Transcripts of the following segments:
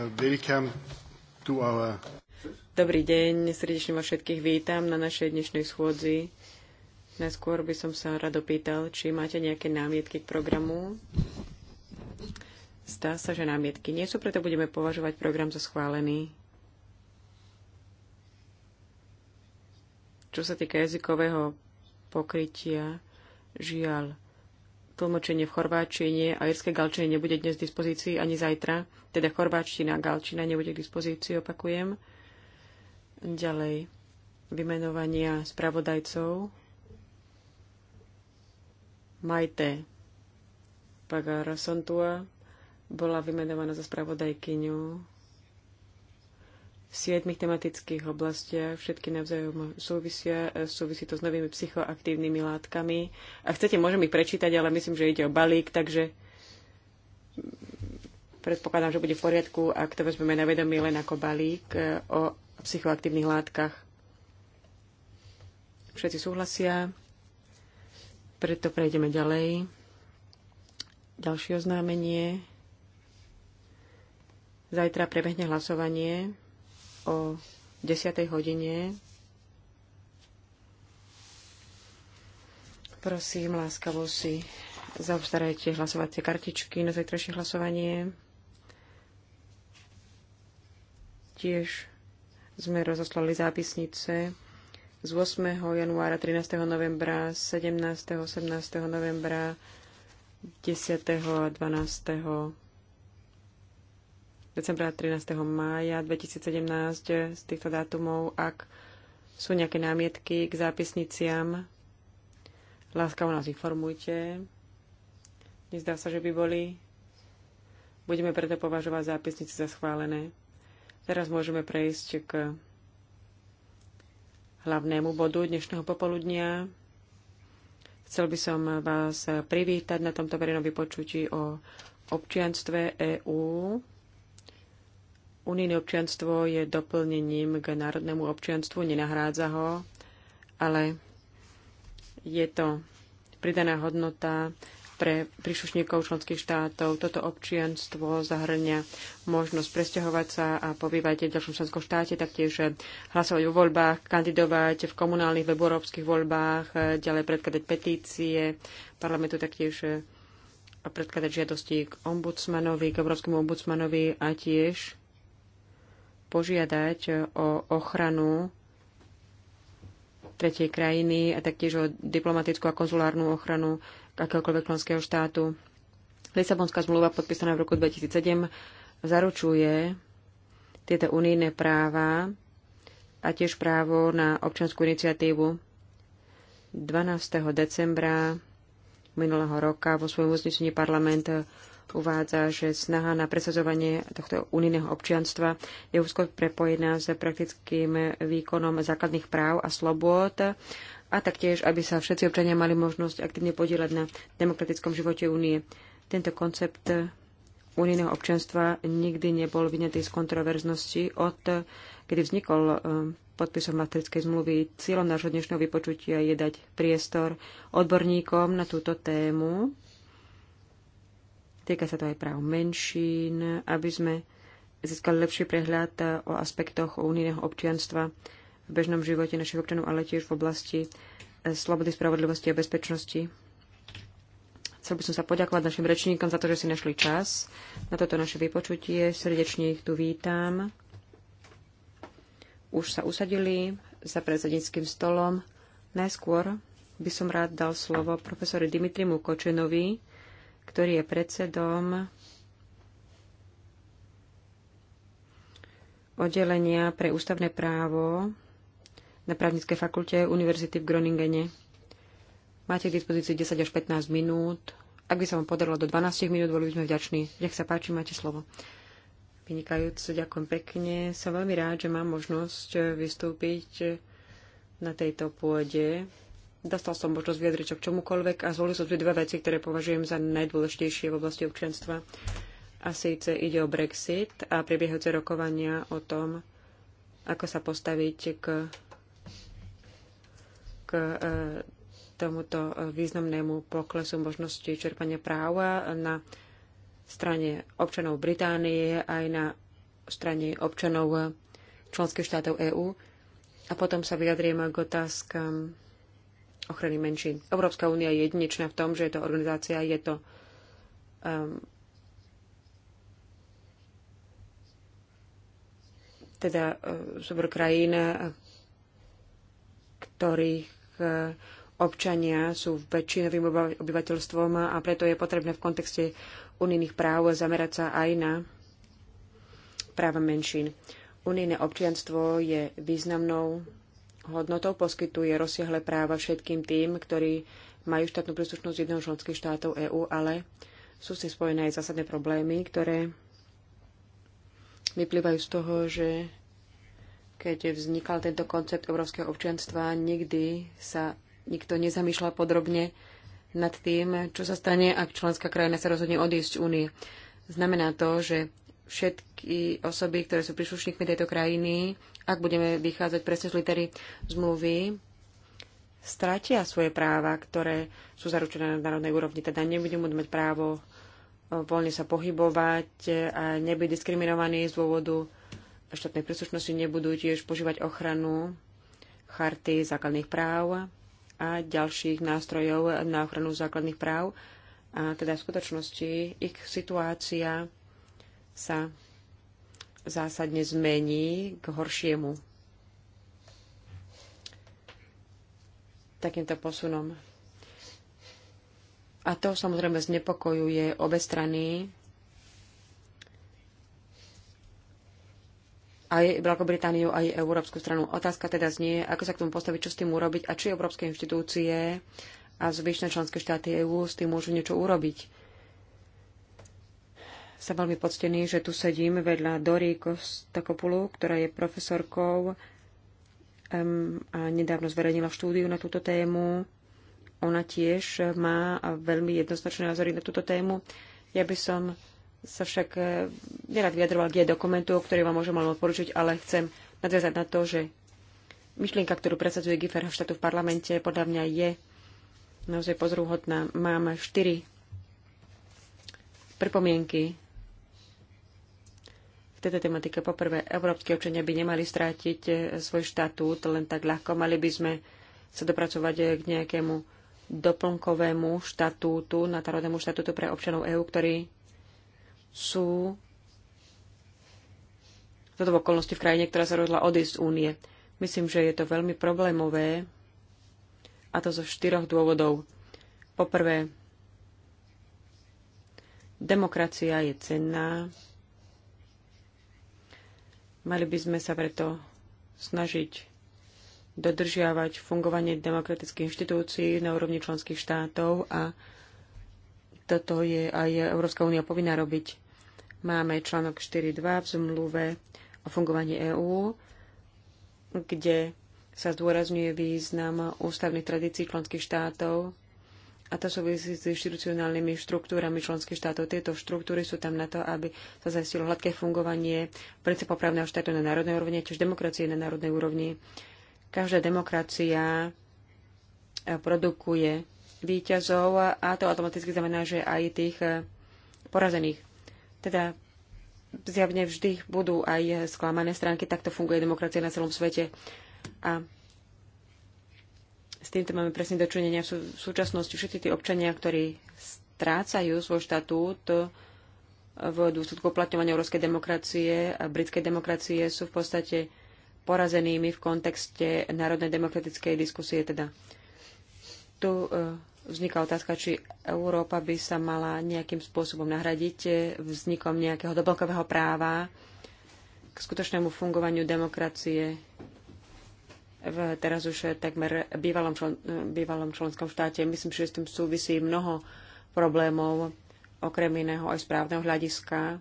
Welcome to our... Dobrý deň, srdečne vás všetkých vítam na našej dnešnej schôdzi. Najskôr by som sa rado pýtal, či máte nejaké námietky k programu. Zdá sa, že námietky nie sú, preto budeme považovať program za schválený. Čo sa týka jazykového pokrytia, žiaľ, Tlmočenie v chorváčine a irskej galčine nebude dnes k dispozícii ani zajtra. Teda chorváčtina a galčina nebude k dispozícii, opakujem. Ďalej, vymenovania spravodajcov. Majte Pagara Sontua bola vymenovaná za spravodajkyňu v siedmých tematických oblastiach. Všetky navzájom súvisia. E, súvisí to s novými psychoaktívnymi látkami. A chcete, môžem ich prečítať, ale myslím, že ide o balík, takže predpokladám, že bude v poriadku, ak to vezmeme na vedomie len ako balík e, o psychoaktívnych látkach. Všetci súhlasia, preto prejdeme ďalej. Ďalšie oznámenie. Zajtra prebehne hlasovanie o 10. hodine. Prosím, láskavo si zaobstarajte hlasovacie kartičky na zajtrajšie hlasovanie. Tiež sme rozoslali zápisnice z 8. januára, 13. novembra, 17. 18. novembra, 10. a 12 decembra 13. mája 2017 z týchto dátumov, ak sú nejaké námietky k zápisniciam, láska o nás informujte. Nezdá sa, že by boli. Budeme preto považovať zápisnice za schválené. Teraz môžeme prejsť k hlavnému bodu dnešného popoludnia. Chcel by som vás privítať na tomto verejnom vypočutí o občianstve EÚ Unijné občianstvo je doplnením k národnému občianstvu, nenahrádza ho, ale je to pridaná hodnota pre príslušníkov členských štátov. Toto občianstvo zahrňa možnosť presťahovať sa a pobývať v ďalšom členskom štáte, taktiež hlasovať vo voľbách, kandidovať v komunálnych, v európskych voľbách, ďalej predkladať petície parlamentu, taktiež predkladať žiadosti k ombudsmanovi, k európskemu ombudsmanovi a tiež požiadať o ochranu tretej krajiny a taktiež o diplomatickú a konzulárnu ochranu akéhokoľvek členského štátu. Lisabonská zmluva podpísaná v roku 2007 zaručuje tieto unijné práva a tiež právo na občanskú iniciatívu. 12. decembra minulého roka vo svojom uznesení parlament uvádza, že snaha na presadzovanie tohto unijného občianstva je úzko prepojená s praktickým výkonom základných práv a slobôd a taktiež, aby sa všetci občania mali možnosť aktívne podielať na demokratickom živote únie. Tento koncept unijného občianstva nikdy nebol vyňatý z kontroverznosti od kedy vznikol eh, podpisom matrickej zmluvy. Cieľom nášho dnešného vypočutia je dať priestor odborníkom na túto tému, týka sa to aj práv menšín, aby sme získali lepší prehľad o aspektoch unijného občianstva v bežnom živote našich občanov, ale tiež v oblasti eh, slobody, spravodlivosti a bezpečnosti. Chcel by som sa poďakovať našim rečníkom za to, že si našli čas na toto naše vypočutie. Srdečne ich tu vítam. Už sa usadili za predsedníckým stolom. Najskôr by som rád dal slovo profesore Dimitrimu Kočenovi, ktorý je predsedom oddelenia pre ústavné právo na právnickej fakulte Univerzity v Groningene. Máte k dispozícii 10 až 15 minút. Ak by sa vám podarilo do 12 minút, boli by sme vďační. Nech sa páči, máte slovo. Vynikajúco, ďakujem pekne. Som veľmi rád, že mám možnosť vystúpiť na tejto pôde Dostal som možnosť vyjadriť sa k čomukoľvek a zvolil som tu dve veci, ktoré považujem za najdôležitejšie v oblasti občianstva. A síce ide o Brexit a prebiehajúce rokovania o tom, ako sa postaviť k, k e, tomuto významnému poklesu možnosti čerpania práva na strane občanov Británie aj na strane občanov členských štátov EÚ. A potom sa vyjadrieme k otázkam ochrany menšín. Európska únia je jedinečná v tom, že je to organizácia, je to um, teda e, súbor krajín, e, ktorých e, občania sú väčšinovým obyvateľstvom a preto je potrebné v kontexte unijných práv zamerať sa aj na práva menšín. Unijné občianstvo je významnou hodnotou poskytuje rozsiahle práva všetkým tým, ktorí majú štátnu príslušnosť jedného členských štátov EÚ, ale sú s tým spojené aj zásadné problémy, ktoré vyplývajú z toho, že keď vznikal tento koncept európskeho občianstva, nikdy sa nikto nezamýšľal podrobne nad tým, čo sa stane, ak členská krajina sa rozhodne odísť z únie. Znamená to, že všetky osoby, ktoré sú príslušníkmi tejto krajiny, ak budeme vychádzať presne z litery zmluvy, stratia svoje práva, ktoré sú zaručené na národnej úrovni. Teda nebudú môcť mať právo e, voľne sa pohybovať e, a nebyť diskriminovaní z dôvodu štátnej príslušnosti, nebudú tiež požívať ochranu charty základných práv a ďalších nástrojov na ochranu základných práv. A teda v skutočnosti ich situácia sa zásadne zmení k horšiemu takýmto posunom. A to samozrejme znepokojuje obe strany. aj Veľkou Britániu, aj Európsku stranu. Otázka teda znie, ako sa k tomu postaviť, čo s tým urobiť a či európske inštitúcie a zvyšné členské štáty EÚ s tým môžu niečo urobiť som veľmi poctený, že tu sedím vedľa Dory Kostakopulu, ktorá je profesorkou a nedávno zverejnila štúdiu na túto tému. Ona tiež má veľmi jednoznačné názory na túto tému. Ja by som sa však eh, nerad vyjadroval k jej dokumentu, ktorý vám môžem len odporučiť, ale chcem nadviazať na to, že myšlienka, ktorú presadzuje Giffer štátu v parlamente, podľa mňa je naozaj pozrúhodná. Mám štyri pripomienky v tejto tematike. Poprvé, európske občania by nemali strátiť e, svoj štatút len tak ľahko. Mali by sme sa dopracovať e, k nejakému doplnkovému štatútu, národnému štatútu pre občanov EÚ, ktorí sú toto v okolnosti v krajine, ktorá sa rozhodla odísť z únie. Myslím, že je to veľmi problémové a to zo štyroch dôvodov. Poprvé, demokracia je cenná, Mali by sme sa preto snažiť dodržiavať fungovanie demokratických inštitúcií na úrovni členských štátov a toto je aj Európska únia povinná robiť. Máme článok 4.2 v zmluve o fungovaní EÚ, kde sa zdôrazňuje význam ústavných tradícií členských štátov a to súvisí s inštitucionálnymi štruktúrami členských štátov. Tieto štruktúry sú tam na to, aby sa zaistilo hladké fungovanie princípov právneho štátu na národnej úrovni, tiež demokracie na národnej úrovni. Každá demokracia eh, produkuje výťazov a to automaticky znamená, že aj tých eh, porazených. Teda zjavne vždy budú aj eh, sklamané stránky, takto funguje demokracia na celom svete. A s týmto máme presne dočinenia v súčasnosti. Všetci tí občania, ktorí strácajú svoj štatút eh, v dôsledku uplatňovania európskej demokracie a britskej demokracie, sú v podstate porazenými v kontexte národnej demokratickej diskusie. Teda tu eh, vzniká otázka, či Európa by sa mala nejakým spôsobom nahradiť eh, vznikom nejakého doblkového práva k skutočnému fungovaniu demokracie v teraz už eh, takmer bývalom, člen, eh, bývalom členskom štáte. Myslím, že s tým súvisí mnoho problémov, okrem iného aj správneho hľadiska.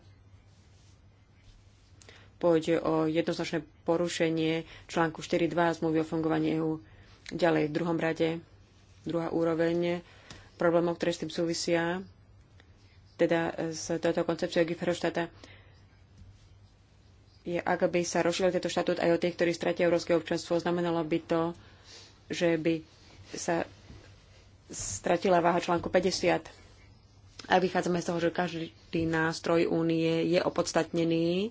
Pôjde o jednoznačné porušenie článku 4.2 zmluvy o fungovaní EU. Ďalej v druhom rade, druhá úroveň problémov, ktoré s tým súvisia, teda z tohto koncepcie Giferoštata. štáta je, ak by sa rozšiel tento štatút aj o tých, ktorí stratia európske občanstvo, znamenalo by to, že by sa stratila váha článku 50. A vychádzame z toho, že každý nástroj únie je opodstatnený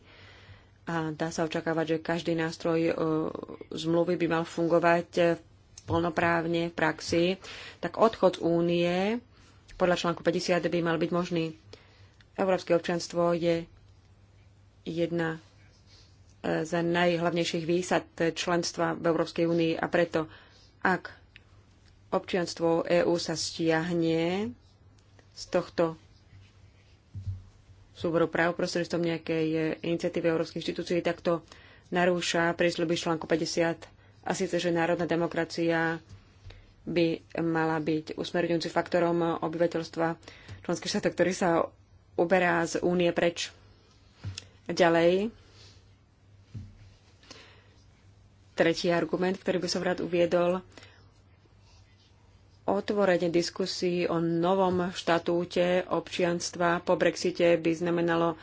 a dá sa očakávať, že každý nástroj e, zmluvy by mal fungovať e, plnoprávne v praxi, tak odchod únie podľa článku 50 by mal byť možný. Európske občanstvo je jedna za najhlavnejších výsad členstva v Európskej únii a preto, ak občianstvo EÚ sa stiahne z tohto súboru práv prostredstvom nejakej iniciatívy Európskej inštitúcií, tak to narúša prísľuby článku 50 a síce, že národná demokracia by mala byť usmerňujúci faktorom obyvateľstva členských štátov, ktorý sa uberá z únie preč. Ďalej, Tretí argument, ktorý by som rád uviedol, otvorenie diskusí o novom štatúte občianstva po Brexite by znamenalo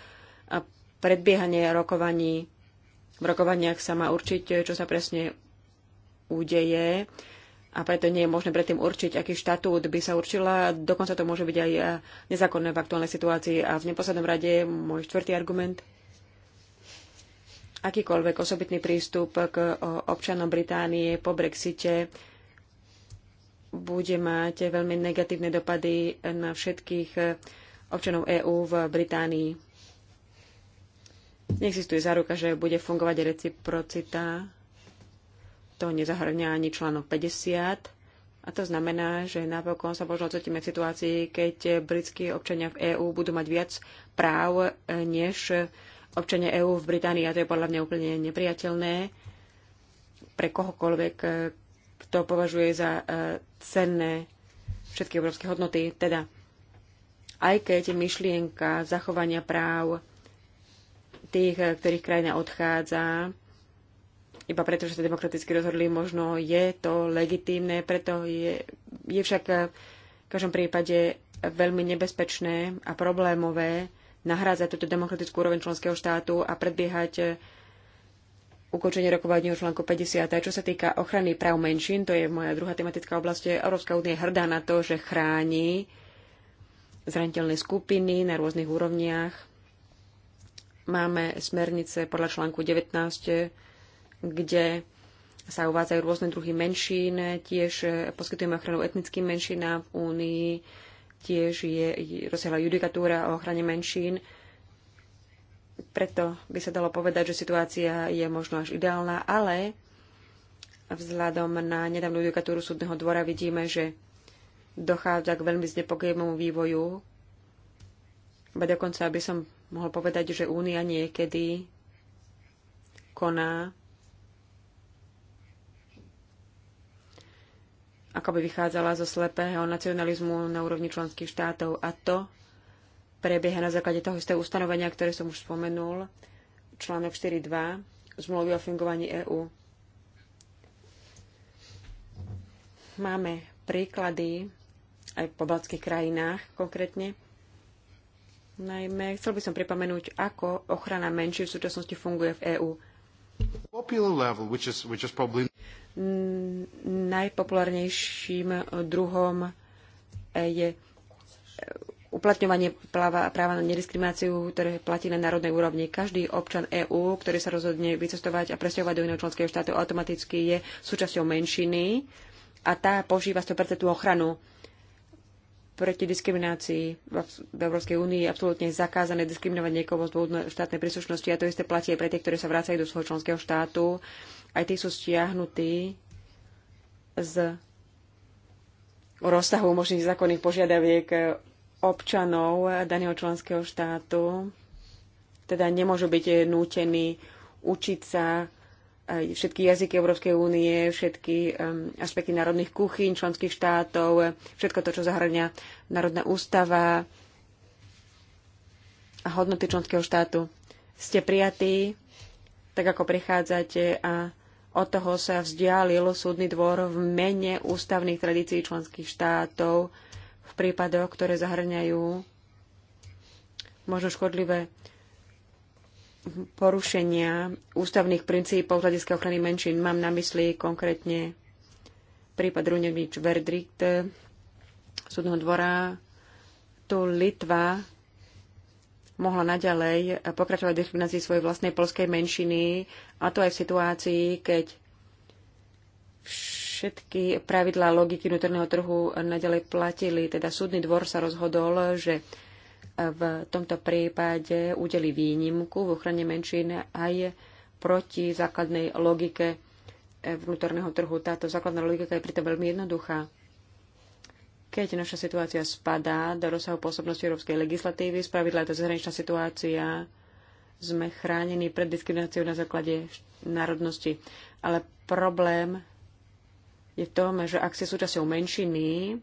predbiehanie rokovaní. V rokovaniach sa má určiť, čo sa presne udeje a preto nie je možné predtým určiť, aký štatút by sa určila. Dokonca to môže byť aj nezákonné v aktuálnej situácii. A v neposlednom rade môj štvrtý argument – akýkoľvek osobitný prístup k občanom Británie po Brexite bude mať veľmi negatívne dopady na všetkých e, občanov EÚ v Británii. Neexistuje záruka, že bude fungovať reciprocita. To nezahrňa ani článok 50. A to znamená, že napokon sa možno ocitíme v situácii, keď britskí občania v EÚ budú mať viac práv, e, než občania EÚ v Británii a to je podľa mňa úplne nepriateľné pre kohokoľvek, e, kto považuje za e, cenné všetky európske hodnoty. Teda aj keď myšlienka zachovania práv tých, e, ktorých krajina odchádza, iba preto, že sa demokraticky rozhodli, možno je to legitímne, preto je, je však v každom prípade veľmi nebezpečné a problémové nahrádzať túto demokratickú úroveň členského štátu a predbiehať eh, ukončenie rokovania o článku 50. A čo sa týka ochrany práv menšín, to je moja druhá tematická oblasť, Európska únia je hrdá na to, že chráni zraniteľné skupiny na rôznych úrovniach. Máme smernice podľa článku 19, eh, kde sa uvádzajú rôzne druhy menšín, tiež eh, poskytujeme ochranu etnickým menšinám v Únii, tiež je rozsiahla judikatúra o ochrane menšín. Preto by sa dalo povedať, že situácia je možno až ideálna, ale vzhľadom na nedávnu judikatúru súdneho dvora vidíme, že dochádza k veľmi znepokojivému vývoju. Ba dokonca by som mohol povedať, že Únia niekedy koná ako by vychádzala zo slepého nacionalizmu na úrovni členských štátov. A to prebieha na základe toho istého ustanovenia, ktoré som už spomenul, článok 4.2 zmluvy o fungovaní EÚ. Máme príklady aj v pobaltských krajinách konkrétne. Najmä chcel by som pripomenúť, ako ochrana menší v súčasnosti funguje v EÚ najpopulárnejším druhom je uplatňovanie práva, práva na nediskrimináciu, ktoré platí na národnej úrovni. Každý občan EÚ, ktorý sa rozhodne vycestovať a presťahovať do iného členského štátu, automaticky je súčasťou menšiny a tá požíva 100% ochranu proti diskriminácii v Európskej únii je absolútne zakázané diskriminovať niekoho z dôvodu štátnej príslušnosti a to isté platí aj pre tých, ktorí sa vracajú do svojho členského štátu. Aj tí sú stiahnutí z rozsahu možných zákonných požiadaviek občanov daného členského štátu. Teda nemôžu byť nútení učiť sa všetky jazyky Európskej únie, všetky aspekty národných kuchyň, členských štátov, všetko to, čo zahrania Národná ústava a hodnoty členského štátu. Ste prijatí, tak ako prichádzate a od toho sa vzdialil súdny dvor v mene ústavných tradícií členských štátov v prípadoch, ktoré zahrňajú možno škodlivé porušenia ústavných princípov hľadiska ochrany menšín. Mám na mysli konkrétne prípad Runevič Verdrikt eh, súdneho dvora. Tu Litva mohla naďalej pokračovať v diskriminácii svojej vlastnej polskej menšiny a to aj v situácii, keď všetky pravidlá logiky vnútorného trhu naďalej platili. Teda súdny dvor sa rozhodol, že v tomto prípade udeli výnimku v ochrane menšín aj proti základnej logike vnútorného trhu. Táto základná logika je pritom veľmi jednoduchá. Keď naša situácia spadá do rozsahu pôsobnosti európskej legislatívy, spravidla je to zahraničná situácia, sme chránení pred diskrimináciou na základe národnosti. Ale problém je v tom, že ak si súčasťou menšiny,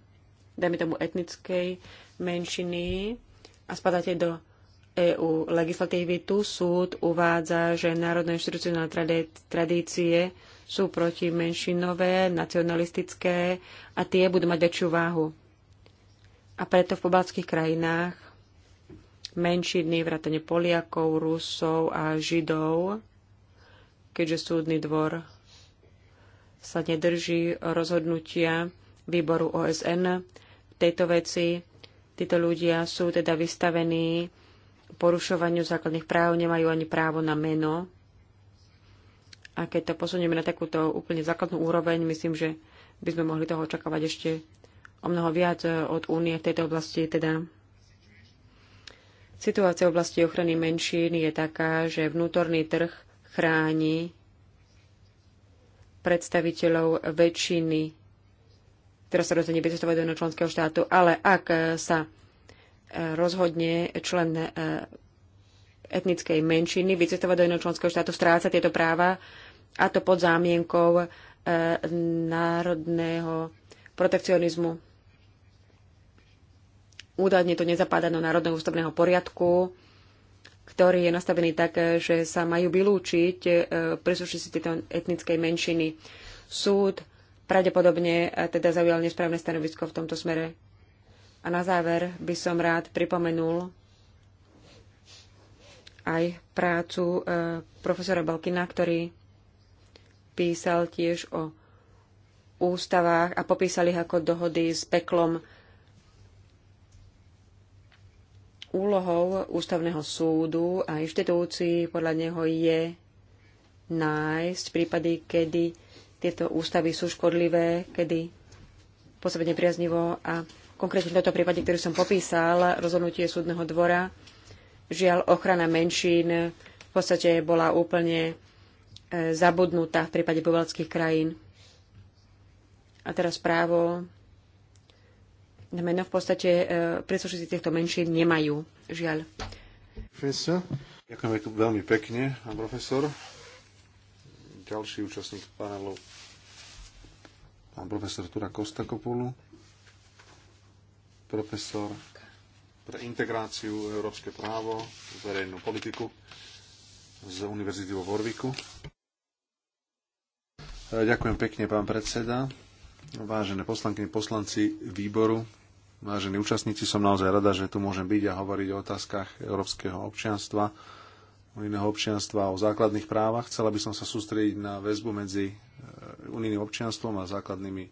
dajme tomu etnickej menšiny, a spadáte do EU legislatívy, tu súd uvádza, že národné inštitucionálne tradície sú proti menšinové, nacionalistické a tie budú mať väčšiu váhu. A preto v pobalských krajinách menšiny, vrátane Poliakov, Rusov a Židov, keďže súdny dvor sa nedrží rozhodnutia výboru OSN v tejto veci, Títo ľudia sú teda vystavení porušovaniu základných práv, nemajú ani právo na meno. A keď to posunieme na takúto úplne základnú úroveň, myslím, že by sme mohli toho očakávať ešte o mnoho viac od únie v tejto oblasti. Teda situácia v oblasti ochrany menšín je taká, že vnútorný trh chráni predstaviteľov väčšiny teraz sa rozhodne vycestovať do jedného členského štátu, ale ak e, sa e, rozhodne člen e, etnickej menšiny vycestovať do jedného členského štátu, stráca tieto práva a to pod zámienkou národného protekcionizmu. Údajne to nezapadá do národného ústavného poriadku, ktorý je nastavený tak, že sa majú vylúčiť príslušníci tejto etnickej menšiny. Súd pravdepodobne eh, teda zaujal nesprávne stanovisko v tomto smere. A na záver by som rád pripomenul aj prácu eh, profesora Balkina, ktorý písal tiež o ústavách a popísal ich ako dohody s peklom. Úlohou ústavného súdu a inštitúcií podľa neho je nájsť prípady, kedy tieto ústavy sú škodlivé, kedy posledne nepriaznivo a konkrétne v tomto prípade, ktorý som popísal, rozhodnutie súdneho dvora, žiaľ ochrana menšín v podstate bola úplne e, zabudnutá v prípade pobaltských krajín. A teraz právo na meno v podstate e, príslušníci týchto menšín nemajú, žiaľ. ďakujem veľmi pekne, pán profesor ďalší účastník panelu, pán profesor Tura Kostakopulu, profesor pre integráciu, európske právo, verejnú politiku z Univerzity vo Vorviku. E, ďakujem pekne, pán predseda. Vážené poslanky, poslanci výboru, vážení účastníci, som naozaj rada, že tu môžem byť a hovoriť o otázkach európskeho občianstva iného občianstva a o základných právach. Chcela by som sa sústrediť na väzbu medzi e, unijným občianstvom a základnými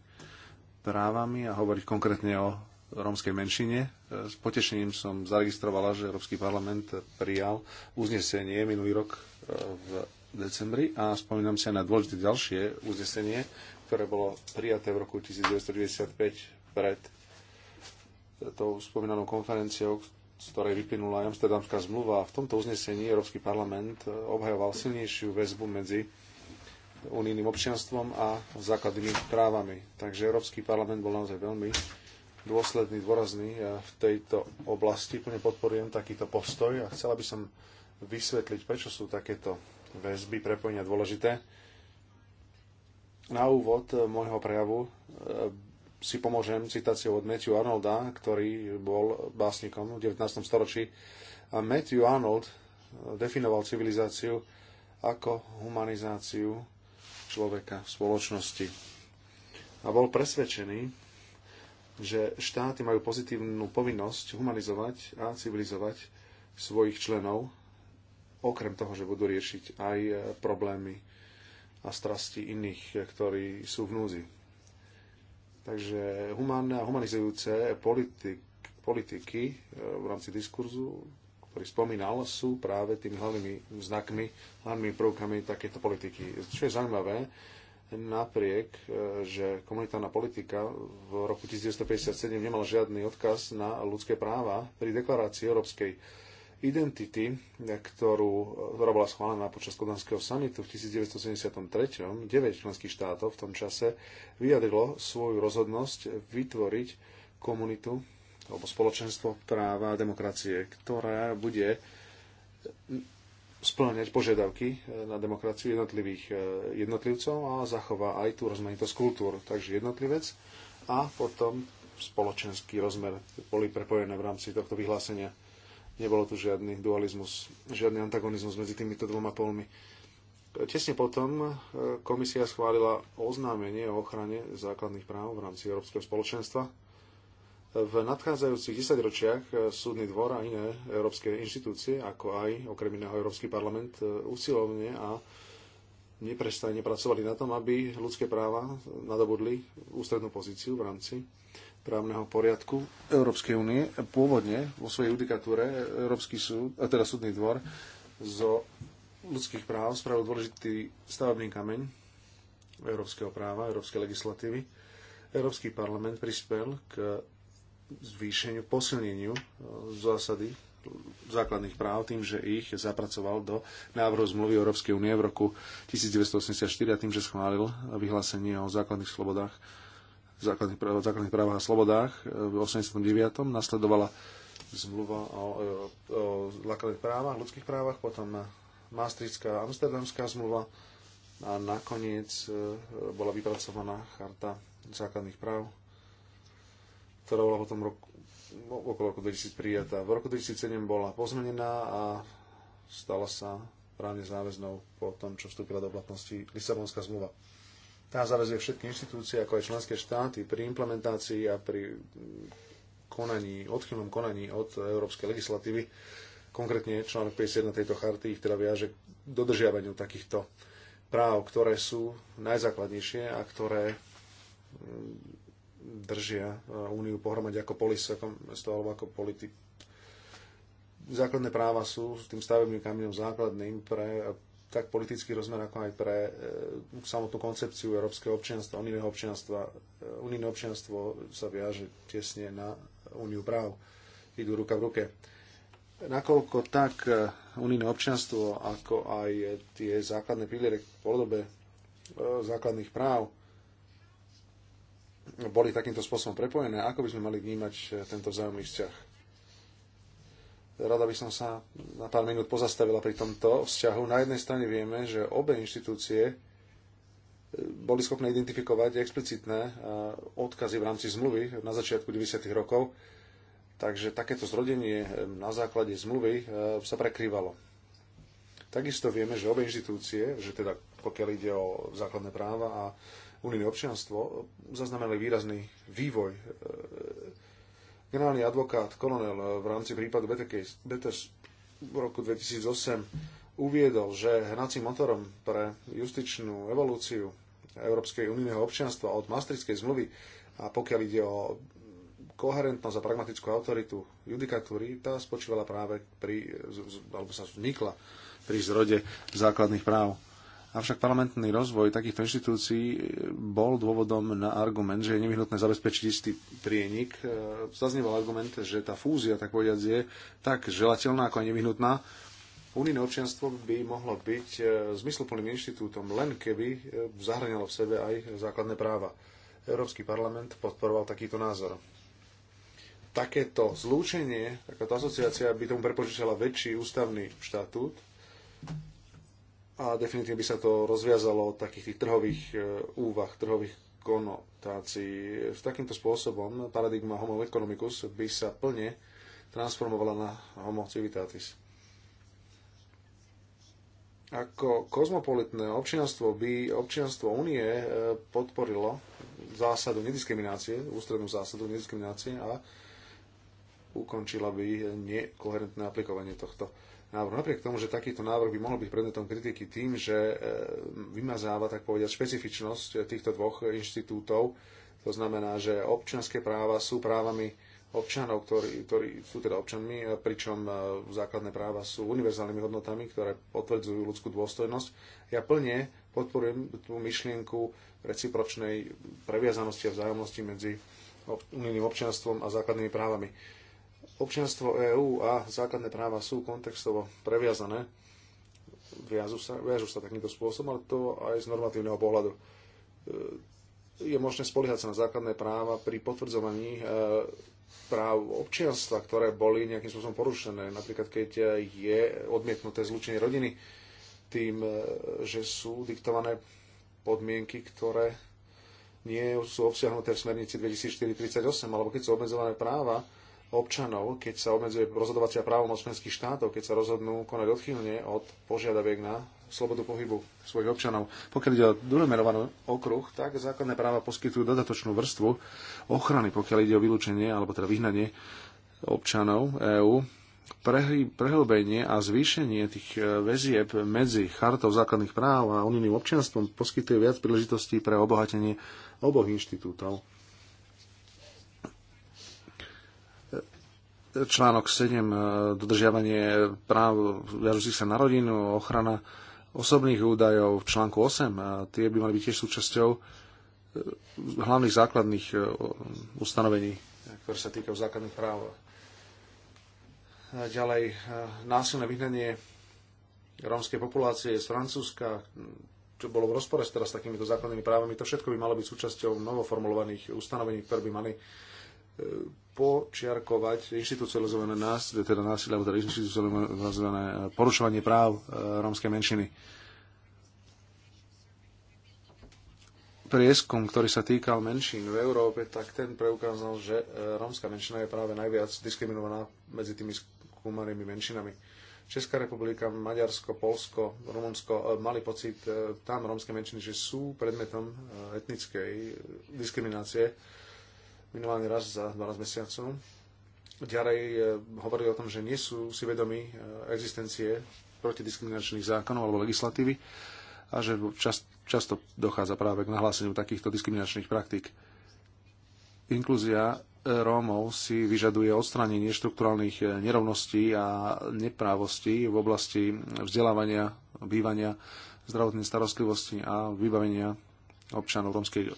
právami a hovoriť konkrétne o rómskej menšine. E, s potešením som zaregistrovala, že Európsky parlament prijal uznesenie minulý rok e, v decembri a spomínam si aj na dôležité ďalšie uznesenie, ktoré bolo prijaté v roku 1995 pred tou spomínanou konferenciou, z ktorej vyplynula Amsterdamská zmluva. V tomto uznesení Európsky parlament eh, obhajoval silnejšiu väzbu medzi unijným občianstvom a základnými právami. Takže Európsky parlament bol naozaj veľmi dôsledný, dôrazný a eh, v tejto oblasti. Plne podporujem takýto postoj a chcela by som vysvetliť, prečo sú takéto väzby, prepojenia dôležité. Na úvod eh, môjho prejavu si pomôžem citáciou od Matthew Arnolda, ktorý bol básnikom v 19. storočí. A Matthew Arnold definoval civilizáciu ako humanizáciu človeka v spoločnosti. A bol presvedčený, že štáty majú pozitívnu povinnosť humanizovať a civilizovať svojich členov, okrem toho, že budú riešiť aj problémy a strasti iných, ktorí sú v núzi. Takže humánne a humanizujúce politik, politiky e, v rámci diskurzu, ktorý spomínal, sú práve tými hlavnými znakmi, hlavnými prvkami takéto politiky. Čo je zaujímavé, napriek, e, že komunitárna politika v roku 1957 nemala žiadny odkaz na ľudské práva, pri deklarácii Európskej identity, ktorú, ktorá bola schválená počas Kodanského samitu v 1973, 9 členských štátov v tom čase vyjadrilo svoju rozhodnosť vytvoriť komunitu alebo spoločenstvo práva a demokracie, ktorá bude splňať požiadavky na demokraciu jednotlivých e, jednotlivcov a zachová aj tú rozmanitosť kultúr. Takže jednotlivec a potom spoločenský rozmer boli prepojené v rámci tohto vyhlásenia. Nebolo tu žiadny dualizmus, žiadny antagonizmus medzi týmito dvoma polmi. Tesne potom e, komisia schválila oznámenie o ochrane základných práv v rámci Európskeho spoločenstva. V nadchádzajúcich desaťročiach e, súdny dvor a iné európske inštitúcie, ako aj okrem iného Európsky parlament, e, usilovne a neprestajne pracovali na tom, aby ľudské práva nadobudli ústrednú pozíciu v rámci právneho poriadku Európskej únie. Pôvodne vo svojej judikatúre Európsky súd, a teda súdny dvor, zo ľudských práv spravil dôležitý stavebný kameň európskeho práva, európskej legislatívy. Európsky parlament prispel k zvýšeniu, posilneniu e, zásady základných práv tým, že ich zapracoval do návrhu zmluvy Európskej únie v roku 1984 a tým, že schválil vyhlásenie o základných slobodách základných, práv, základných právach a slobodách v 89. Nasledovala zmluva o, o, o základných právach, ľudských právach, potom Maastrichtská Amsterdamská zmluva a nakoniec e, bola vypracovaná charta základných práv, ktorá bola potom roku, no, okolo roku 2000 prijatá. V roku 2007 bola pozmenená a stala sa právne záväznou po tom, čo vstúpila do platnosti Lisabonská zmluva. Tá zavezuje všetky inštitúcie, ako aj členské štáty, pri implementácii a pri mm, konaní, odchylnom konaní od európskej legislatívy. Konkrétne článok 51 tejto charty ich teda viaže k dodržiavaniu takýchto práv, ktoré sú najzákladnejšie a ktoré mm, držia e, úniu pohromať ako polis, ako mesto alebo ako politik. Základné práva sú tým stavebným kamienom základným pre tak politický rozmer, ako aj pre e, samotnú koncepciu európskeho občianstva, unijného občianstva. E, unijné občianstvo sa viaže tesne na úniu práv. Idú ruka v ruke. Nakoľko tak e, unijné občianstvo, ako aj tie základné piliere v podobe základných práv boli takýmto spôsobom prepojené, ako by sme mali vnímať tento vzájomný vzťah? Rada by som sa na pár minút pozastavila pri tomto vzťahu. Na jednej strane vieme, že obe inštitúcie e, boli schopné identifikovať explicitné e, odkazy v rámci zmluvy na začiatku 90. rokov, takže takéto zrodenie e, na základe zmluvy sa prekrývalo. Takisto vieme, že obe inštitúcie, že teda pokiaľ ide o základné práva a unijné občianstvo, zaznamenali výrazný vývoj Generálny advokát, kolonel eh, v rámci prípadu Betes v roku 2008 uviedol, že hnacím motorom pre justičnú evolúciu Európskej unijného občianstva od Maastrichtskej zmluvy a pokiaľ ide o koherentnosť a pragmatickú autoritu judikatúry, tá spočívala práve pri, alebo sa vznikla pri zrode základných práv. Avšak parlamentný rozvoj takýchto inštitúcií e, bol dôvodom na argument, že je nevyhnutné zabezpečiť istý prienik. E, Zazneval argument, že tá fúzia, tak povediať, je tak želateľná ako aj nevyhnutná. Unijné občianstvo by mohlo byť e, zmysluplným inštitútom len keby zahrňalo v sebe aj základné práva. Európsky parlament podporoval takýto názor. Takéto zlúčenie, takáto asociácia by tomu prepožičala väčší ústavný štatút, a definitívne by sa to rozviazalo od takých tých trhových e, úvah, trhových konotácií. V takýmto spôsobom paradigma homo economicus by sa plne transformovala na homo civitatis. Ako kozmopolitné občianstvo by občianstvo únie e, podporilo zásadu nediskriminácie, ústrednú zásadu nediskriminácie a ukončila by nekoherentné aplikovanie tohto návrh. Napriek tomu, že takýto návrh by mohol byť predmetom kritiky tým, že e, vymazáva, tak povedať, špecifičnosť e, týchto dvoch inštitútov. To znamená, že občianské práva sú právami občanov, ktorí, ktorí sú teda občanmi, e, pričom základné práva sú univerzálnymi hodnotami, ktoré potvrdzujú ľudskú dôstojnosť. Ja plne podporujem tú myšlienku recipročnej previazanosti a vzájomnosti medzi unijným občanstvom a základnými právami Občianstvo EÚ a základné práva sú kontextovo previazané, viažú sa, viažu sa takýmto spôsobom, ale to aj z normatívneho pohľadu. E, je možné spoliehať sa na základné práva pri potvrdzovaní e, práv občianstva, ktoré boli nejakým spôsobom porušené. Napríklad, keď je odmietnuté zlučenie rodiny tým, e, že sú diktované podmienky, ktoré nie sú obsiahnuté v smernici 2438, alebo keď sú obmedzované práva, občanov, keď sa obmedzuje rozhodovacia právomoc členských štátov, keď sa rozhodnú konať odchýlne od požiadaviek na slobodu pohybu svojich občanov. Pokiaľ ide o denominovaný okruh, tak základné práva poskytujú dodatočnú vrstvu ochrany, pokiaľ ide o vylúčenie alebo teda vyhnanie občanov EÚ. Prehlbenie a zvýšenie tých e, väzieb medzi chartou základných práv a unijným občianstvom poskytuje viac príležitostí pre obohatenie oboch inštitútov. článok 7, e, dodržiavanie práv viažúcich sa na rodinu, ochrana osobných údajov v článku 8, e, tie by mali byť tiež súčasťou e, hlavných základných ustanovení, ktoré sa týkajú základných práv. Ďalej, násilné vyhnanie rómskej populácie z Francúzska, čo bolo v rozpore s takýmito základnými právami, to všetko by malo byť súčasťou novoformulovaných ustanovení, ktoré by mali počiarkovať institucionalizované nás, teda násilie, alebo teda institucionalizované eh, porušovanie práv eh, rómskej menšiny. Prieskum, ktorý sa týkal menšín v Európe, tak ten preukázal, že eh, rómska menšina je práve najviac diskriminovaná medzi tými skúmanými menšinami. Česká republika, Maďarsko, Polsko, Rumunsko mali pocit tam rómske menšiny, že sú predmetom etnickej diskriminácie minimálne raz za 12 mesiacov. Ďalej e, hovorí o tom, že nie sú si vedomi e, existencie protidiskriminačných zákonov alebo legislatívy a že čas, často dochádza práve k nahláseniu takýchto diskriminačných praktík. Inklúzia e, Rómov si vyžaduje odstránenie štrukturálnych nerovností a neprávostí v oblasti vzdelávania, bývania, zdravotnej starostlivosti a vybavenia občanov rómskej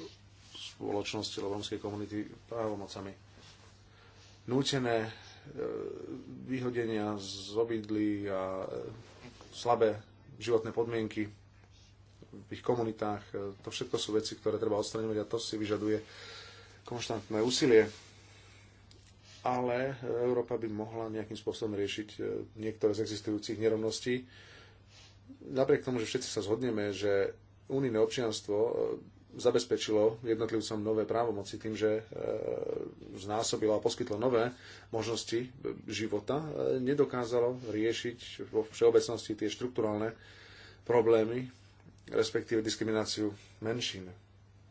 spoločnosti alebo romskej komunity právomocami. Nútené e, vyhodenia z obydlí a e, slabé životné podmienky v ich komunitách, e, to všetko sú veci, ktoré treba odstraňovať a to si vyžaduje konštantné úsilie. Ale Európa by mohla nejakým spôsobom riešiť niektoré z existujúcich nerovností. Napriek tomu, že všetci sa zhodneme, že unijné občianstvo zabezpečilo jednotlivcom nové právomoci tým, že e, znásobilo a poskytlo nové možnosti života, e, nedokázalo riešiť vo všeobecnosti tie štrukturálne problémy, respektíve diskrimináciu menšín.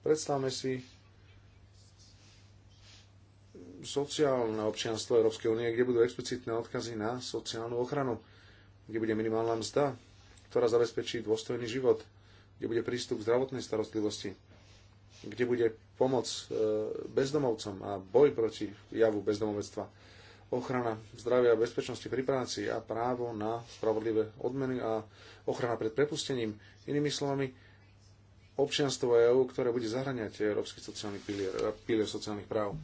Predstavme si sociálne občianstvo Európskej únie, kde budú explicitné odkazy na sociálnu ochranu, kde bude minimálna mzda, ktorá zabezpečí dôstojný život, kde bude prístup k zdravotnej starostlivosti, kde bude pomoc e, bezdomovcom a boj proti javu bezdomovectva, ochrana zdravia a bezpečnosti pri práci a právo na spravodlivé odmeny a ochrana pred prepustením. Inými slovami, občianstvo EÚ, ktoré bude zahraniať Európsky sociálny pilier, pilier sociálnych práv.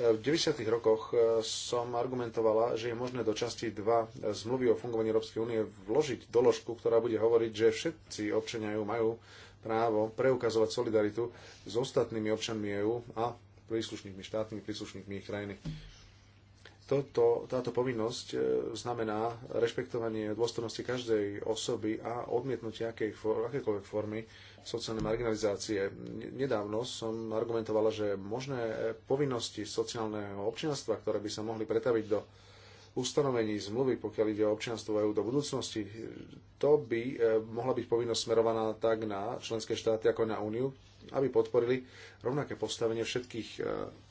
E, v 90. rokoch e, som argumentovala, že je možné do časti 2 zmluvy o fungovaní Európskej únie vložiť doložku, ktorá bude hovoriť, že všetci občania EU majú právo preukazovať solidaritu s ostatnými občanmi EÚ a príslušnými štátmi, príslušníkmi ich krajiny. Toto, táto povinnosť e, znamená rešpektovanie dôstojnosti každej osoby a odmietnutie akej, akékoľvek formy sociálnej marginalizácie. Nedávno som argumentovala, že možné povinnosti sociálneho občianstva, ktoré by sa mohli pretaviť do ustanovení zmluvy, pokiaľ ide o občianstvo EÚ do budúcnosti, to by e, mohla byť povinnosť smerovaná tak na členské štáty ako na Úniu, aby podporili rovnaké postavenie všetkých e,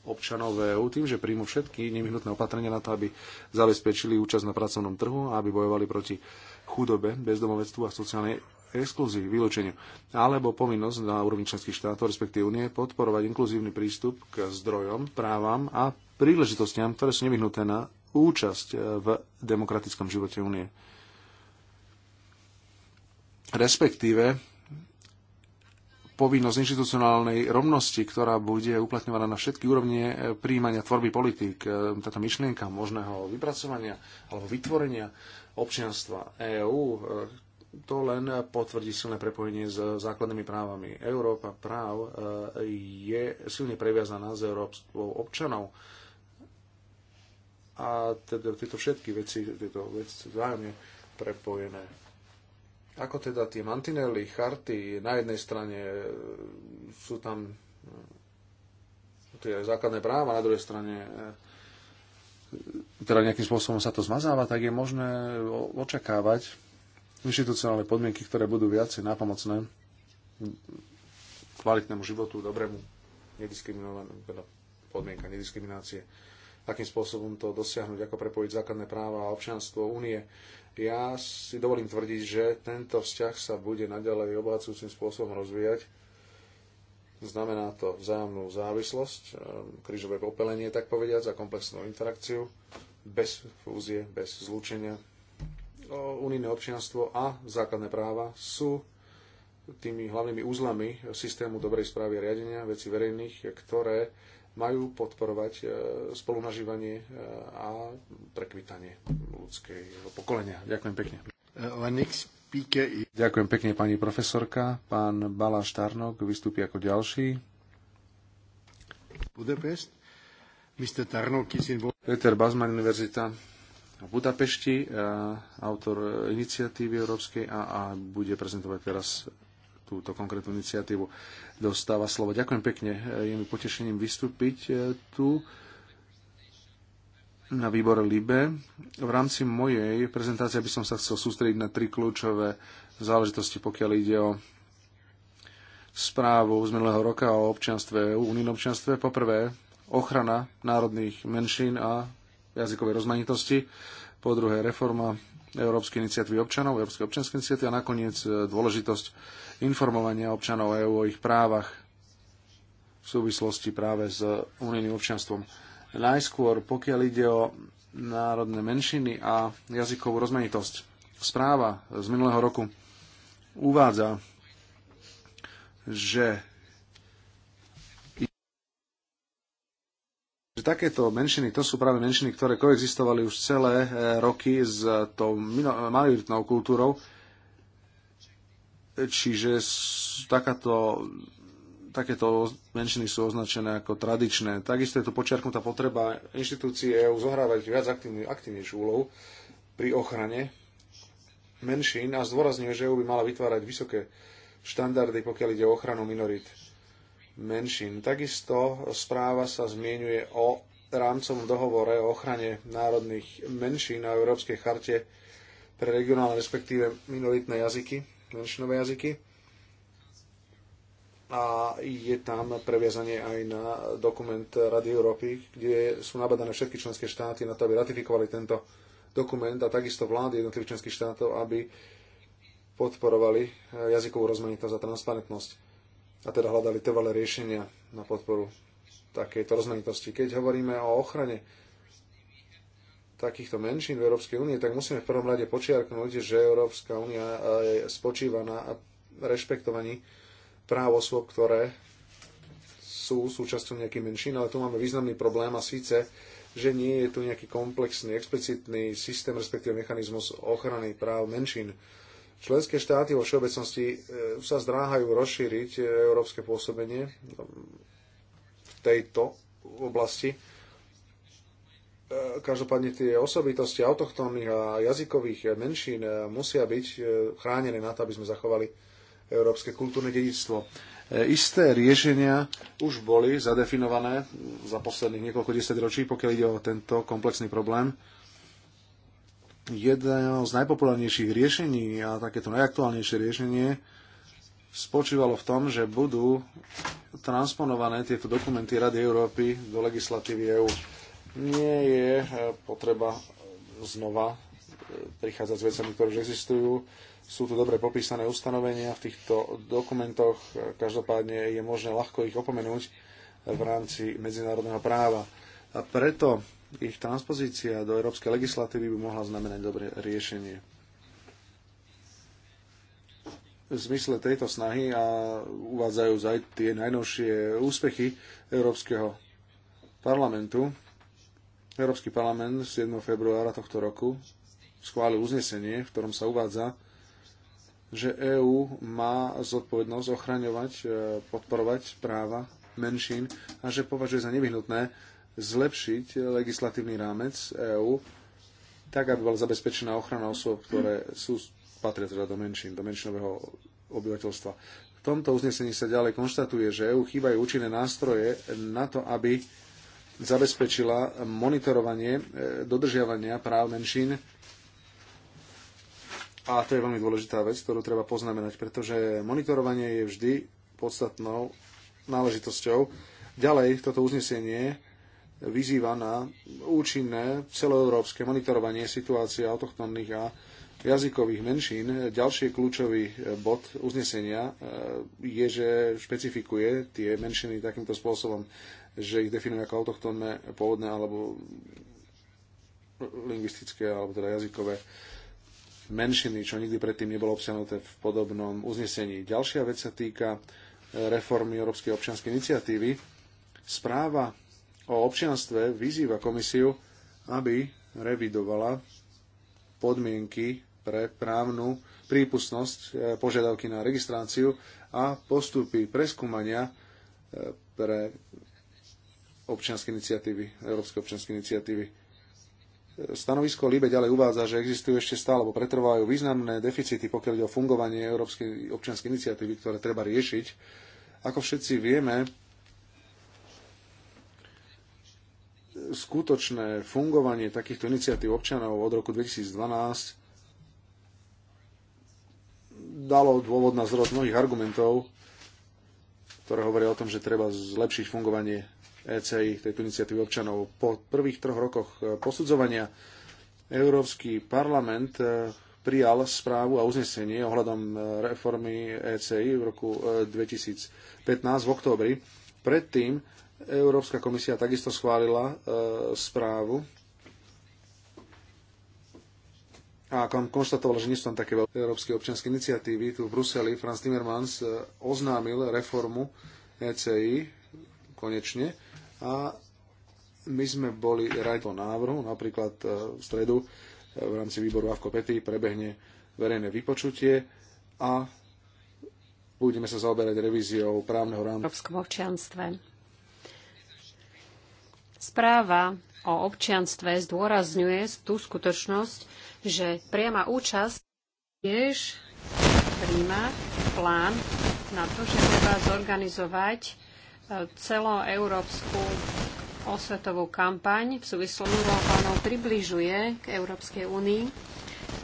občanov EÚ tým, že príjmu všetky nevyhnutné opatrenia na to, aby zabezpečili účasť na pracovnom trhu a aby bojovali proti chudobe, bezdomovectvu a sociálnej exkluzii, vylúčeniu, alebo povinnosť na úrovni členských štátov, respektíve únie, podporovať inkluzívny prístup k zdrojom, právam a príležitostiam, ktoré sú nevyhnuté na účasť e, v demokratickom živote únie. Respektíve povinnosť inštitucionálnej rovnosti, ktorá bude uplatňovaná na všetky úrovne e, príjmania tvorby politík. E, táto myšlienka možného vypracovania alebo vytvorenia občianstva EÚ, to len potvrdí silné prepojenie s základnými právami. Európa práv je silne previazaná s európskou občanov a teda tieto všetky veci, tieto veci sú vzájomne prepojené. Ako teda tie mantinely, charty, na jednej strane e, sú tam e, tie základné práva, na druhej strane e, teda nejakým spôsobom sa to zmazáva, tak je možné očakávať inštitucionálne podmienky, ktoré budú viacej nápomocné kvalitnému životu, dobrému, nediskriminovanému, teda podmienka nediskriminácie akým spôsobom to dosiahnuť, ako prepojiť základné práva a občianstvo únie. Ja si dovolím tvrdiť, že tento vzťah sa bude naďalej obohacujúcim spôsobom rozvíjať. Znamená to vzájomnú závislosť, ehm, krížové popelenie, tak povediať, za komplexnú interakciu, bez fúzie, bez zlúčenia. Unijné občianstvo a základné práva sú tými hlavnými úzlami systému dobrej správy a riadenia veci verejných, ktoré majú podporovať e, spolunažívanie e, a prekvitanie ľudského pokolenia. Ďakujem pekne. Uh, Ďakujem pekne pani profesorka. Pán Bala Štarnok vystúpi ako ďalší. Budapest. Mr. Tarnok is involved. Peter Bazman, Univerzita v Budapešti, e, autor iniciatívy Európskej a, a bude prezentovať teraz túto konkrétnu iniciatívu dostáva slovo. Ďakujem pekne, je mi potešením vystúpiť e, tu na výbore LIBE. V rámci mojej prezentácie by som sa chcel sústrediť na tri kľúčové záležitosti, pokiaľ ide o správu z minulého roka o občianstve, unijnom občianstve. Poprvé, ochrana národných menšín a jazykovej rozmanitosti. Po druhé, reforma Európskej iniciatívy občanov, Európskej občianskej iniciatívy a nakoniec e, dôležitosť informovania občanov EÚ o ich právach v súvislosti práve s unijným občanstvom. Najskôr, pokiaľ ide o národné menšiny a jazykovú rozmanitosť. Správa z minulého roku uvádza, že takéto menšiny, to sú práve menšiny, ktoré koexistovali už celé e, roky s tou majoritnou kultúrou, čiže takáto, takéto menšiny sú označené ako tradičné. Takisto je tu počiarknutá potreba inštitúcií EÚ zohrávať viac aktívne, aktívnejšiu úlohu pri ochrane menšín a zdôrazňuje, že EÚ by mala vytvárať vysoké štandardy, pokiaľ ide o ochranu minorít menšín. Takisto správa sa zmienuje o rámcovom dohovore o ochrane národných menšín na Európskej charte pre regionálne, respektíve minoritné jazyky, menšinové jazyky. A je tam previazanie aj na dokument Rady Európy, kde sú nabadané všetky členské štáty na to, aby ratifikovali tento dokument a takisto vlády jednotlivých členských štátov, aby podporovali jazykovú rozmanitosť a transparentnosť a teda hľadali trvalé riešenia na podporu takejto rozmanitosti. Keď hovoríme o ochrane takýchto menšín v Európskej únie, tak musíme v prvom rade počiarknúť, že Európska únia e, spočíva na rešpektovaní práv osôb, ktoré sú súčasťou nejakých menšín, ale tu máme významný problém a síce, že nie je tu nejaký komplexný, explicitný systém, respektíve mechanizmus ochrany práv menšín Členské štáty vo všeobecnosti e, sa zdráhajú rozšíriť e, európske pôsobenie e, v tejto oblasti. Každopádne tie osobitosti autochtónnych a jazykových menšín musia byť chránené na to, aby sme zachovali európske kultúrne dedictvo. Isté riešenia už boli zadefinované za posledných niekoľko desaťročí, pokiaľ ide o tento komplexný problém jedno z najpopulárnejších riešení a takéto najaktuálnejšie riešenie spočívalo v tom, že budú transponované tieto dokumenty Rady Európy do legislatívy EÚ. Nie je e, potreba e, znova e, prichádzať s vecami, ktoré už existujú. Sú tu dobre popísané ustanovenia v týchto dokumentoch, každopádne je možné ľahko ich opomenúť v rámci medzinárodného práva. A preto ich transpozícia do európskej legislatívy by mohla znamenať dobré riešenie. V zmysle tejto snahy a uvádzajú aj tie najnovšie úspechy Európskeho parlamentu. Európsky parlament 7. februára tohto roku schválil uznesenie, v ktorom sa uvádza, že EÚ má zodpovednosť ochraňovať, e, podporovať práva menšín a že považuje za nevyhnutné zlepšiť legislatívny rámec EÚ, tak, aby bola zabezpečená ochrana osôb, ktoré sú, patria teda do menšín, do menšinového obyvateľstva. V tomto uznesení sa ďalej konštatuje, že EÚ chýbajú účinné nástroje na to, aby zabezpečila monitorovanie e, dodržiavania práv menšín. A to je veľmi dôležitá vec, ktorú treba poznamenať, pretože monitorovanie je vždy podstatnou náležitosťou. Ďalej, toto uznesenie vyzýva na účinné celoeurópske monitorovanie situácie autochtónnych a jazykových menšín. Ďalší kľúčový eh, bod uznesenia eh, je, že špecifikuje tie menšiny takýmto spôsobom, že ich definuje ako autochtónne, pôvodné alebo lingvistické alebo teda jazykové menšiny, čo nikdy predtým nebolo obsiahnuté v podobnom uznesení. Ďalšia vec sa týka eh, reformy Európskej občianskej iniciatívy. Správa o občianstve vyzýva komisiu, aby revidovala podmienky pre právnu prípustnosť e, požiadavky na registráciu a postupy preskúmania e, pre občianske iniciatívy, európske občianske iniciatívy. E, stanovisko Líbe ďalej uvádza, že existujú ešte stále, alebo pretrvajú významné deficity, pokiaľ ide o fungovanie európskej občianskej iniciatívy, ktoré treba riešiť. Ako všetci vieme, skutočné fungovanie takýchto iniciatív občanov od roku 2012 dalo dôvod na zrod mnohých argumentov, ktoré hovoria o tom, že treba zlepšiť fungovanie ECI, tejto iniciatívy občanov. Po prvých troch rokoch e, posudzovania Európsky parlament e, prijal správu a uznesenie ohľadom e, reformy ECI v roku 2015 v októbri. Predtým Európska komisia takisto schválila e, správu a konštatoval, že nie sú tam také veľké európske občianske iniciatívy. Tu v Bruseli Franz Timmermans e, oznámil reformu ECI konečne a my sme boli radi po návrhu, napríklad e, v stredu v rámci výboru Avko Pety prebehne verejné vypočutie a budeme sa zaoberať revíziou právneho rámca. V európskom občianstve Správa o občianstve zdôrazňuje tú skutočnosť, že priama účasť tiež príjma plán na to, že treba zorganizovať e, celoeurópsku osvetovú kampaň v súvislosti s plánov približuje k Európskej únii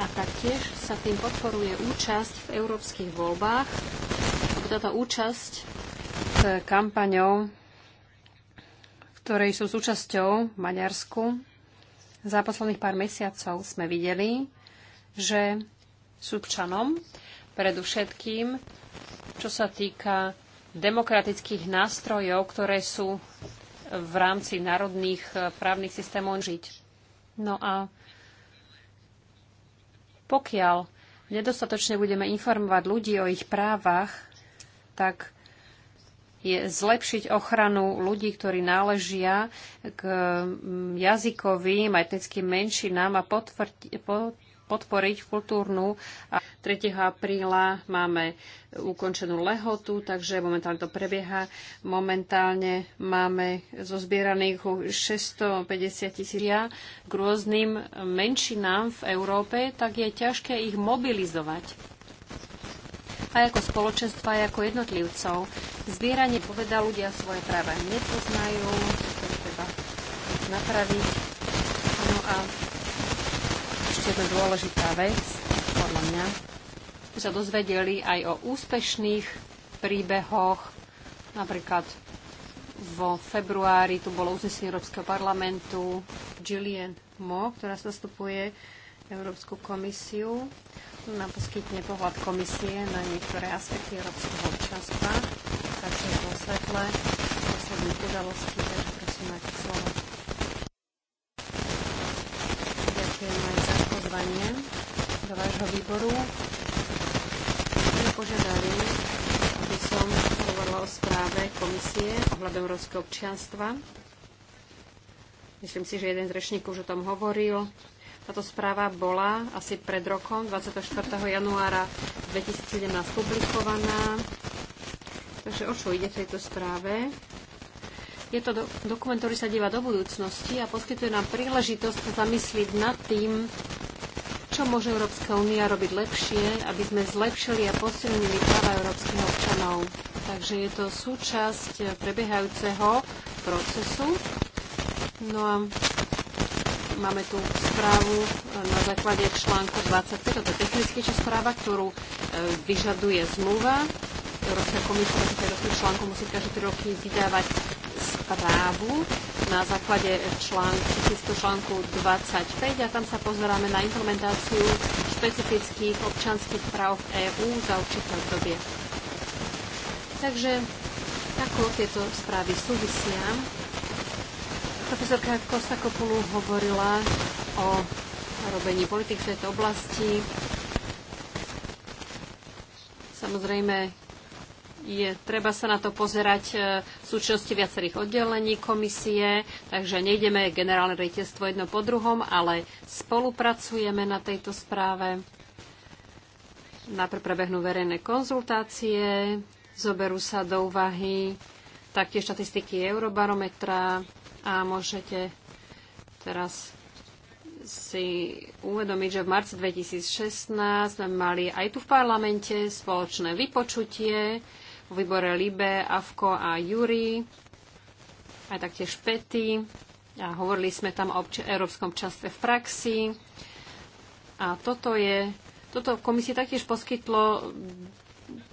a taktiež sa tým podporuje účasť v európskych voľbách. Táto účasť e, kampaňou ktorej sú súčasťou v Maďarsku, za posledných pár mesiacov sme videli, že Subčanom, predovšetkým, čo sa týka demokratických nástrojov, ktoré sú v rámci národných eh, právnych systémov žiť. No a pokiaľ nedostatočne budeme informovať ľudí o ich právach, tak je zlepšiť ochranu ľudí, ktorí náležia k mm, jazykovým a etnickým menšinám a potvrť, podporiť kultúrnu. A 3. apríla máme ukončenú lehotu, takže momentálne to prebieha. Momentálne máme zozbieraných 650 tisíc k rôznym menšinám v Európe, tak je ťažké ich mobilizovať aj ako spoločenstva, aj ako jednotlivcov. Zbieranie poveda ľudia svoje práva nepoznajú, to treba napraviť. No a ešte jedna dôležitá vec, podľa mňa, sme sa dozvedeli aj o úspešných príbehoch, napríklad vo februári tu bolo uznesenie Európskeho parlamentu Gillian Mo, ktorá zastupuje Európsku komisiu nám poskytne pohľad komisie na niektoré aspekty európskeho občanstva, takže vo svetle posledných udalostí, takže prosím, máte slovo. Ďakujem aj za pozvanie do vášho výboru. Požiadali, aby som hovorila o správe komisie ohľadom európskeho občianstva. Myslím si, že jeden z rečníkov už o tom hovoril. Táto správa bola asi pred rokom, 24. januára 2017, publikovaná. Takže o čo ide v tejto správe? Je to dokument, ktorý sa díva do budúcnosti a poskytuje nám príležitosť zamyslieť nad tým, čo môže Európska únia robiť lepšie, aby sme zlepšili a posilnili práva európskych občanov. Takže je to súčasť prebiehajúceho procesu. No a Máme tu správu na základe článku 25, to je časť správa, ktorú e, vyžaduje zmluva. Európska komisia na základe článku musí každé 3 roky vydávať správu na základe článku, článku 25 a tam sa pozeráme na implementáciu špecifických občanských práv v EÚ za určité obdobie. Takže ako tieto správy súvisia Profesorka Kostakopulu hovorila o robení politik v tejto oblasti. Samozrejme, je treba sa na to pozerať e, v súčnosti viacerých oddelení komisie, takže nejdeme generálne rejtestvo jedno po druhom, ale spolupracujeme na tejto správe. Najprv prebehnú verejné konzultácie, zoberú sa do úvahy taktiež štatistiky Eurobarometra, a môžete teraz si uvedomiť, že v marci 2016 sme mali aj tu v parlamente spoločné vypočutie v výbore Libe, Avko a Juri, aj taktiež Pety. A hovorili sme tam o európskom čase v praxi. A toto je, toto komisie taktiež poskytlo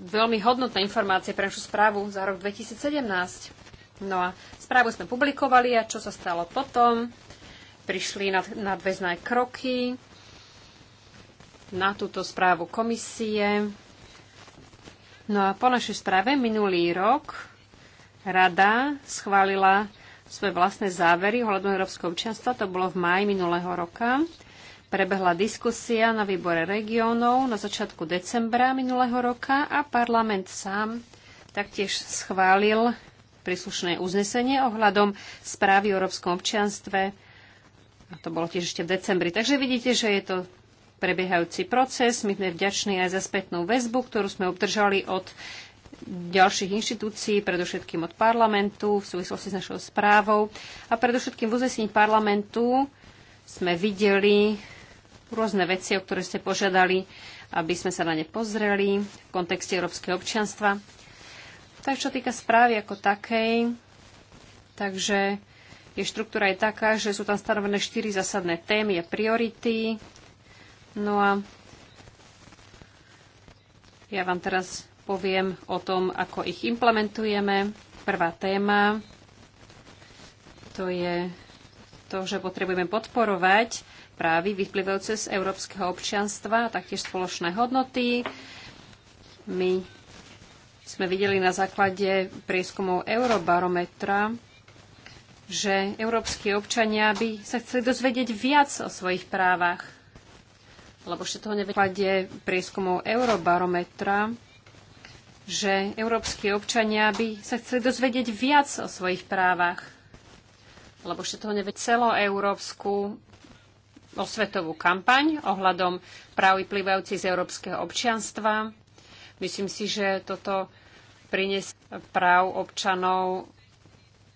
veľmi hodnotné informácie pre našu správu za rok 2017. No a správu sme publikovali a čo sa stalo potom? Prišli na nadväzné kroky na túto správu komisie. No a po našej správe minulý rok rada schválila svoje vlastné závery ohľadom európskeho občianstva. To bolo v máji minulého roka. Prebehla diskusia na výbore regiónov na začiatku decembra minulého roka a parlament sám taktiež schválil príslušné uznesenie ohľadom správy o európskom občianstve. A to bolo tiež ešte v decembri. Takže vidíte, že je to prebiehajúci proces. My sme vďační aj za spätnú väzbu, ktorú sme obdržali od ďalších inštitúcií, predovšetkým od parlamentu v súvislosti s našou správou. A predovšetkým v uznesení parlamentu sme videli rôzne veci, o ktoré ste požiadali, aby sme sa na ne pozreli v kontexte európskeho občianstva. To je čo týka správy ako takej. Takže je štruktúra je taká, že sú tam stanovené štyri zásadné témy a priority. No a ja vám teraz poviem o tom, ako ich implementujeme. Prvá téma to je to, že potrebujeme podporovať právy vyplývajúce z európskeho občianstva a taktiež spoločné hodnoty. My sme videli na základe prieskumov Eurobarometra, že európsky občania by sa chceli dozvedieť viac o svojich právach. Lebo ešte toho nevedia prieskumov Eurobarometra, že európsky občania by sa chceli dozvedieť viac o svojich právach. Lebo ešte toho nevedia celoeurópsku osvetovú kampaň ohľadom práv vyplývajúcich z európskeho občianstva. Myslím si, že toto priniesie práv občanov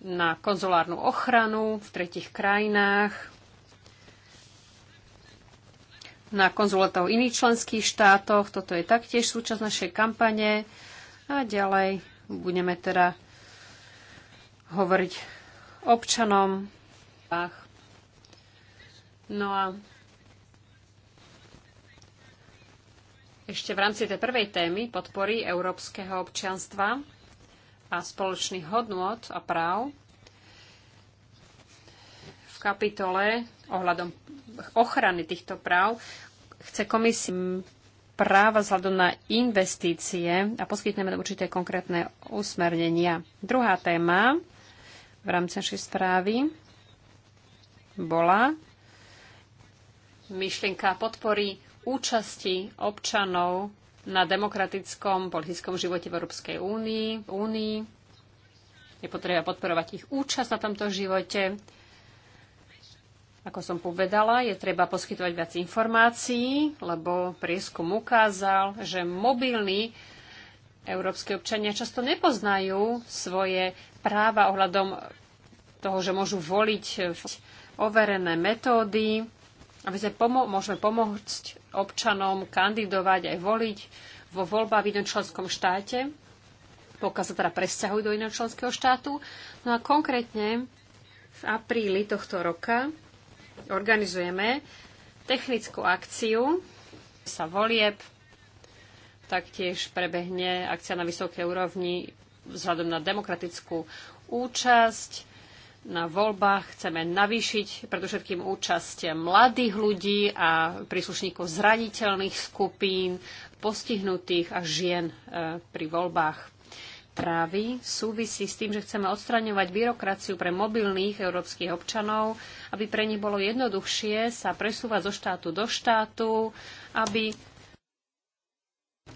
na konzulárnu ochranu v tretich krajinách, na konzulátov iných členských štátoch. Toto je taktiež súčasť našej kampane. A ďalej budeme teda hovoriť občanom. No a ešte v rámci tej prvej témy podpory európskeho občianstva a spoločných hodnôt a práv v kapitole ohľadom ochrany týchto práv chce komisia práva vzhľadom na investície a poskytneme určité konkrétne usmernenia. Druhá téma v rámci našej správy bola myšlienka podpory účasti občanov na demokratickom politickom živote v Európskej únii, únii. Je potreba podporovať ich účasť na tomto živote. Ako som povedala, je treba poskytovať viac informácií, lebo prieskum ukázal, že mobilní európske občania často nepoznajú svoje práva ohľadom toho, že môžu voliť overené metódy, aby sme pomo- môžeme pomôcť občanom kandidovať aj voliť vo voľbách v jednom členskom štáte, pokiaľ sa teda presťahujú do iného členského štátu. No a konkrétne v apríli tohto roka organizujeme technickú akciu sa volieb. Taktiež prebehne akcia na vysokej úrovni vzhľadom na demokratickú účasť na voľbách. Chceme navýšiť predovšetkým účasť mladých ľudí a príslušníkov zraniteľných skupín, postihnutých a žien e, pri voľbách. Právy súvisí s tým, že chceme odstraňovať byrokraciu pre mobilných európskych občanov, aby pre nich bolo jednoduchšie sa presúvať zo štátu do štátu, aby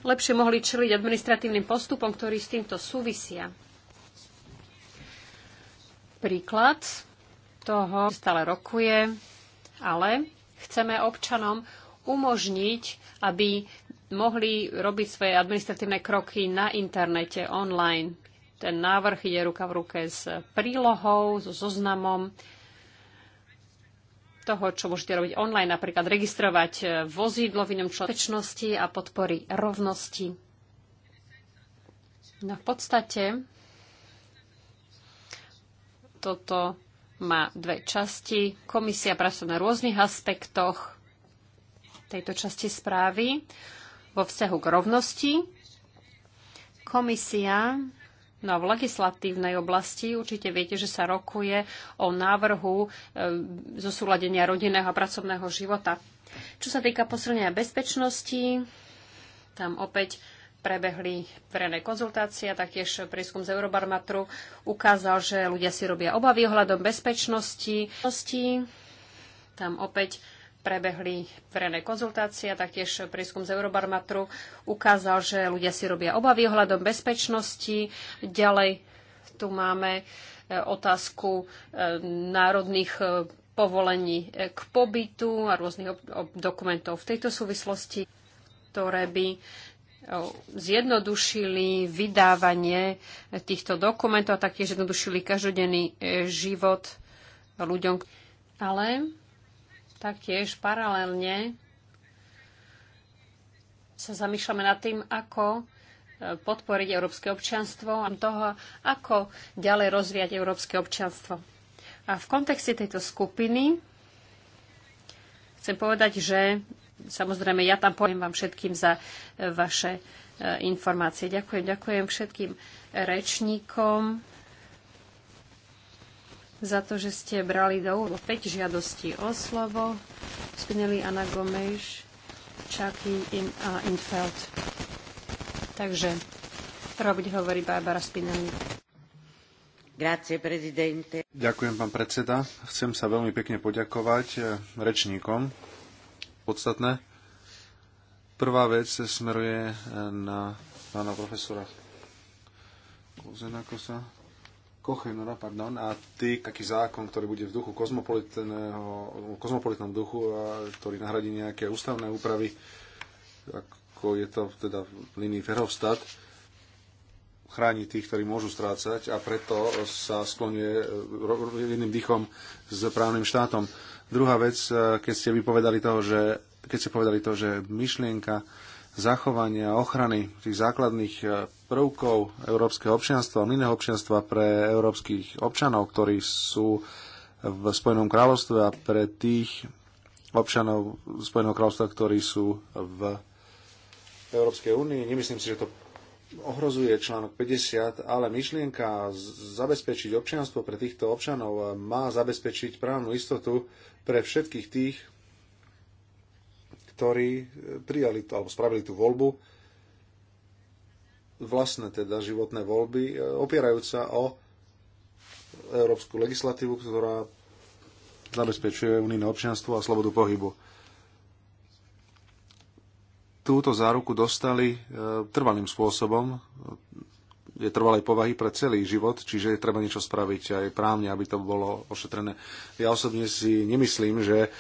lepšie mohli čeliť administratívnym postupom, ktorý s týmto súvisia príklad toho, stále rokuje, ale chceme občanom umožniť, aby mohli robiť svoje administratívne kroky na internete, online. Ten návrh ide ruka v ruke s prílohou, so zoznamom toho, čo môžete robiť online, napríklad registrovať vozidlo v inom človečnosti a podpory rovnosti. No v podstate toto má dve časti. Komisia pracuje na rôznych aspektoch tejto časti správy vo vzťahu k rovnosti. Komisia No a v legislatívnej oblasti určite viete, že sa rokuje o návrhu e, zosúladenia rodinného a pracovného života. Čo sa týka posilnenia bezpečnosti, tam opäť prebehli verejné konzultácie a taktiež prieskum z Eurobarmatru ukázal, že ľudia si robia obavy ohľadom bezpečnosti. Tam opäť prebehli verejné konzultácie a taktiež prieskum z Eurobarmatru ukázal, že ľudia si robia obavy ohľadom bezpečnosti. Ďalej tu máme e, otázku e, národných e, povolení k pobytu a rôznych dokumentov v tejto súvislosti, ktoré by zjednodušili vydávanie týchto dokumentov a taktiež zjednodušili každodenný e, život ľuďom. Ale taktiež paralelne sa zamýšľame nad tým, ako e, podporiť európske občanstvo a toho, ako ďalej rozvíjať európske občianstvo. A v kontexte tejto skupiny chcem povedať, že samozrejme ja tam poviem vám všetkým za e, vaše e, informácie. Ďakujem, ďakujem všetkým rečníkom za to, že ste brali do úvodu 5 žiadostí o slovo. Spinelli, Anna Gomeš, Čaky in, a Infeld. Takže prvá bude Barbara Spinelli. Grazie, prezidente. Ďakujem, pán predseda. Chcem sa veľmi pekne poďakovať e, rečníkom podstatné. Prvá vec smeruje eh, na pána profesora Kozenakosa, Kochenora, pardon, a ty, taký zákon, ktorý bude v duchu kozmopolitného, kozmopolitnom duchu, a ktorý nahradí nejaké ústavné úpravy, ako je to teda v linii Verhofstadt, chráni tých, ktorí môžu strácať a preto sa sklonuje eh, jedným dýchom s právnym štátom Druhá vec, e, keď ste vypovedali to, že, keď ste povedali to, že myšlienka zachovania ochrany tých základných e, prvkov európskeho občianstva, a iného občianstva pre európskych občanov, ktorí sú v Spojenom kráľovstve a pre tých občanov Spojeného kráľovstva, ktorí sú v Európskej únii. Nemyslím si, že to ohrozuje článok 50, ale myšlienka zabezpečiť občianstvo pre týchto občanov e, má zabezpečiť právnu istotu pre všetkých tých, ktorí prijali to, alebo spravili tú voľbu, vlastné teda životné voľby, e, opierajúca o európsku legislatívu, ktorá zabezpečuje unijné občianstvo a slobodu pohybu. Túto záruku dostali e, trvalým spôsobom je trvalej povahy pre celý život, čiže je treba niečo spraviť aj právne, aby to bolo ošetrené. Ja osobne si nemyslím, že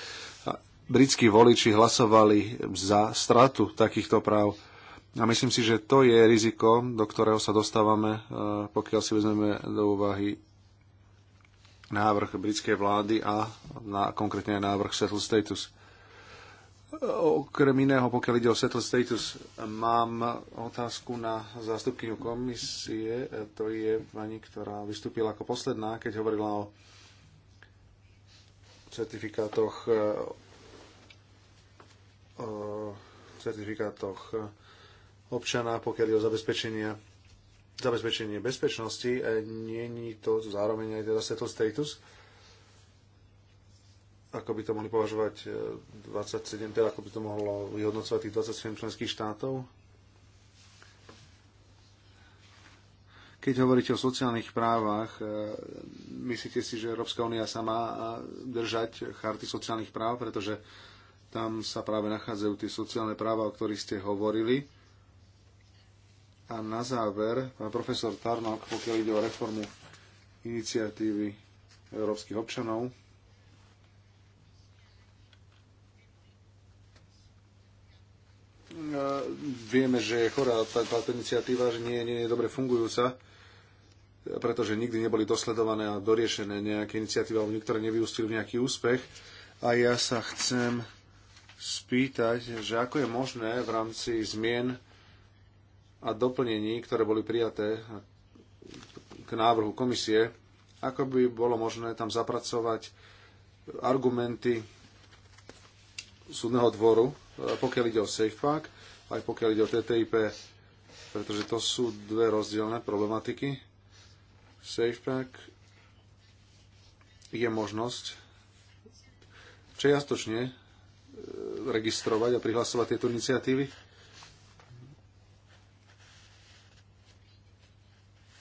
britskí voliči hlasovali za stratu takýchto práv. A myslím si, že to je riziko, do ktorého sa dostávame, e, pokiaľ si vezmeme do úvahy návrh britskej vlády a na, konkrétne aj návrh settled Status. Okrem iného, pokiaľ ide o settled status, mám otázku na zástupkyňu komisie. To je pani, ktorá vystúpila ako posledná, keď hovorila o certifikátoch e, o certifikátoch občana, pokiaľ je o zabezpečenie zabezpečenie bezpečnosti. E, Není to zároveň aj teda settled status ako by to mohli považovať 27, e, teda ako by to mohlo vyhodnocovať tých 27 členských štátov? Keď hovoríte o sociálnych právach, e, myslíte si, že Európska únia sa má e, držať charty sociálnych práv, pretože tam sa práve nachádzajú tie sociálne práva, o ktorých ste hovorili. A na záver, pán profesor Tarnok, pokiaľ ide o reformu iniciatívy európskych občanov, vieme, že je chorá táto iniciatíva, že nie, nie je dobre fungujúca, pretože nikdy neboli dosledované a doriešené nejaké iniciatívy, alebo niektoré nevyústili v nejaký úspech. A ja sa chcem spýtať, že ako je možné v rámci zmien a doplnení, ktoré boli prijaté k návrhu komisie, ako by bolo možné tam zapracovať argumenty súdneho dvoru, e, pokiaľ ide o Safe Park, aj pokiaľ ide o TTIP, pretože to sú dve rozdielne problematiky. Safe Park je možnosť čiastočne e, registrovať a prihlasovať tieto iniciatívy.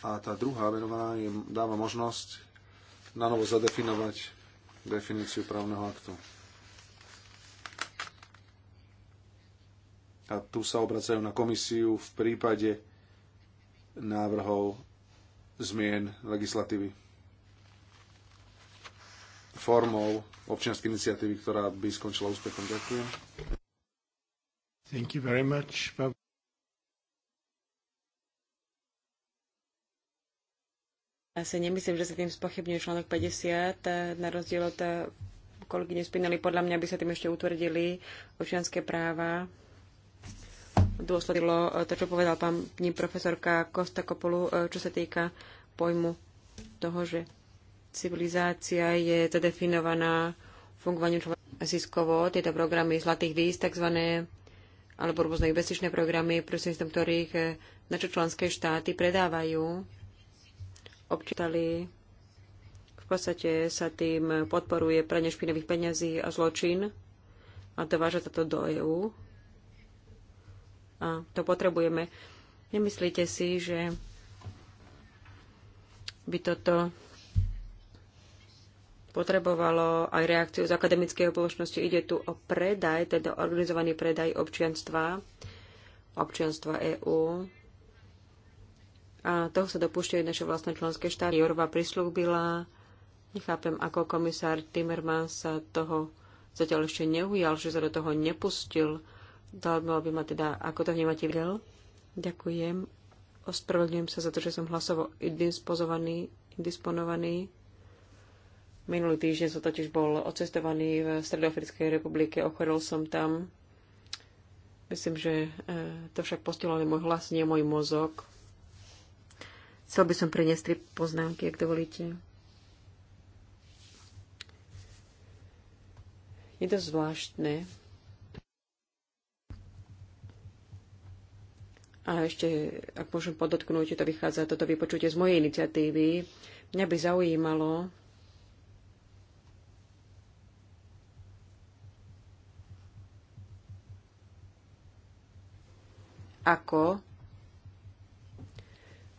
A tá druhá venovaná je, dáva možnosť na novo zadefinovať definíciu právneho aktu. a tu sa obracajú na komisiu v prípade návrhov zmien legislatívy formou občianskej iniciatívy, ktorá by skončila úspechom. Ďakujem. Thank you very much. Ja si nemyslím, že sa tým spochybňuje článok 50, na rozdiel od kolegyne Spinelli. Podľa mňa by sa tým ešte utvrdili občianské práva dôsledilo e, to, čo povedal pán pani profesorka Kosta Kopolu, e, čo sa týka pojmu toho, že civilizácia je zadefinovaná fungovaním človeka ziskovo. Tieto programy zlatých víz, tzv. alebo rôzne investičné programy, prostredníctvom ktorých e, naše členské štáty predávajú občitali v podstate sa tým podporuje pranie špinavých peňazí a zločin a dováža sa to do EÚ a to potrebujeme. Nemyslíte si, že by toto potrebovalo aj reakciu z akademickej spoločnosti. Ide tu o predaj, teda organizovaný predaj občianstva, občianstva EÚ. A toho sa dopúšťajú naše vlastné členské štáty. Jorva prislúbila, nechápem, ako komisár Timmermans sa toho zatiaľ ešte neujal, že sa do toho nepustil. Zaujímalo by ma teda, ako to vnímate videl. Ďakujem. Ospravedlňujem sa za to, že som hlasovo indispozovaný, indisponovaný. Minulý týždeň som totiž bol odcestovaný v Stredoafrickej republike, ochorel som tam. Myslím, že eh, to však postihlo len môj hlas, nie môj mozog. Chcel by som priniesť tri poznámky, ak dovolíte. Je to zvláštne, A ešte, ak môžem podotknúť, to vychádza toto vypočutie z mojej iniciatívy. Mňa by zaujímalo, ako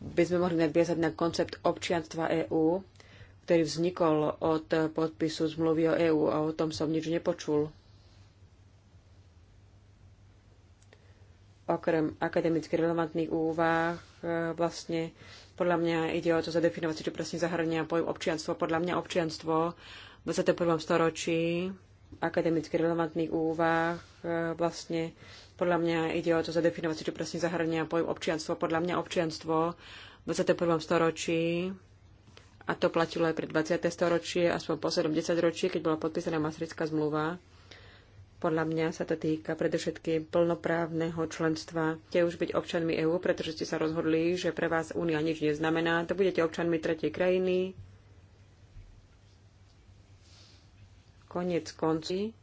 by sme mohli nadviazať na koncept občianstva EÚ, ktorý vznikol od podpisu zmluvy o EÚ a o tom som nič nepočul. okrem akademicky relevantných úvah e, vlastne podľa mňa ide o to zadefinovať čo presne zahrania pojem občianstvo. Podľa mňa občianstvo v 21. storočí akademicky relevantných úvah e, vlastne podľa mňa ide o to zadefinovať čo presne zahrania pojem občianstvo. Podľa mňa občianstvo v 21. storočí a to platilo aj pre 20. storočie, aspoň po 70 ročí, keď bola podpísaná Masrická zmluva, podľa mňa sa to týka predovšetkým plnoprávneho členstva. Chcete už byť občanmi EÚ, pretože ste sa rozhodli, že pre vás Únia nič neznamená. To budete občanmi tretej krajiny. Konec konci.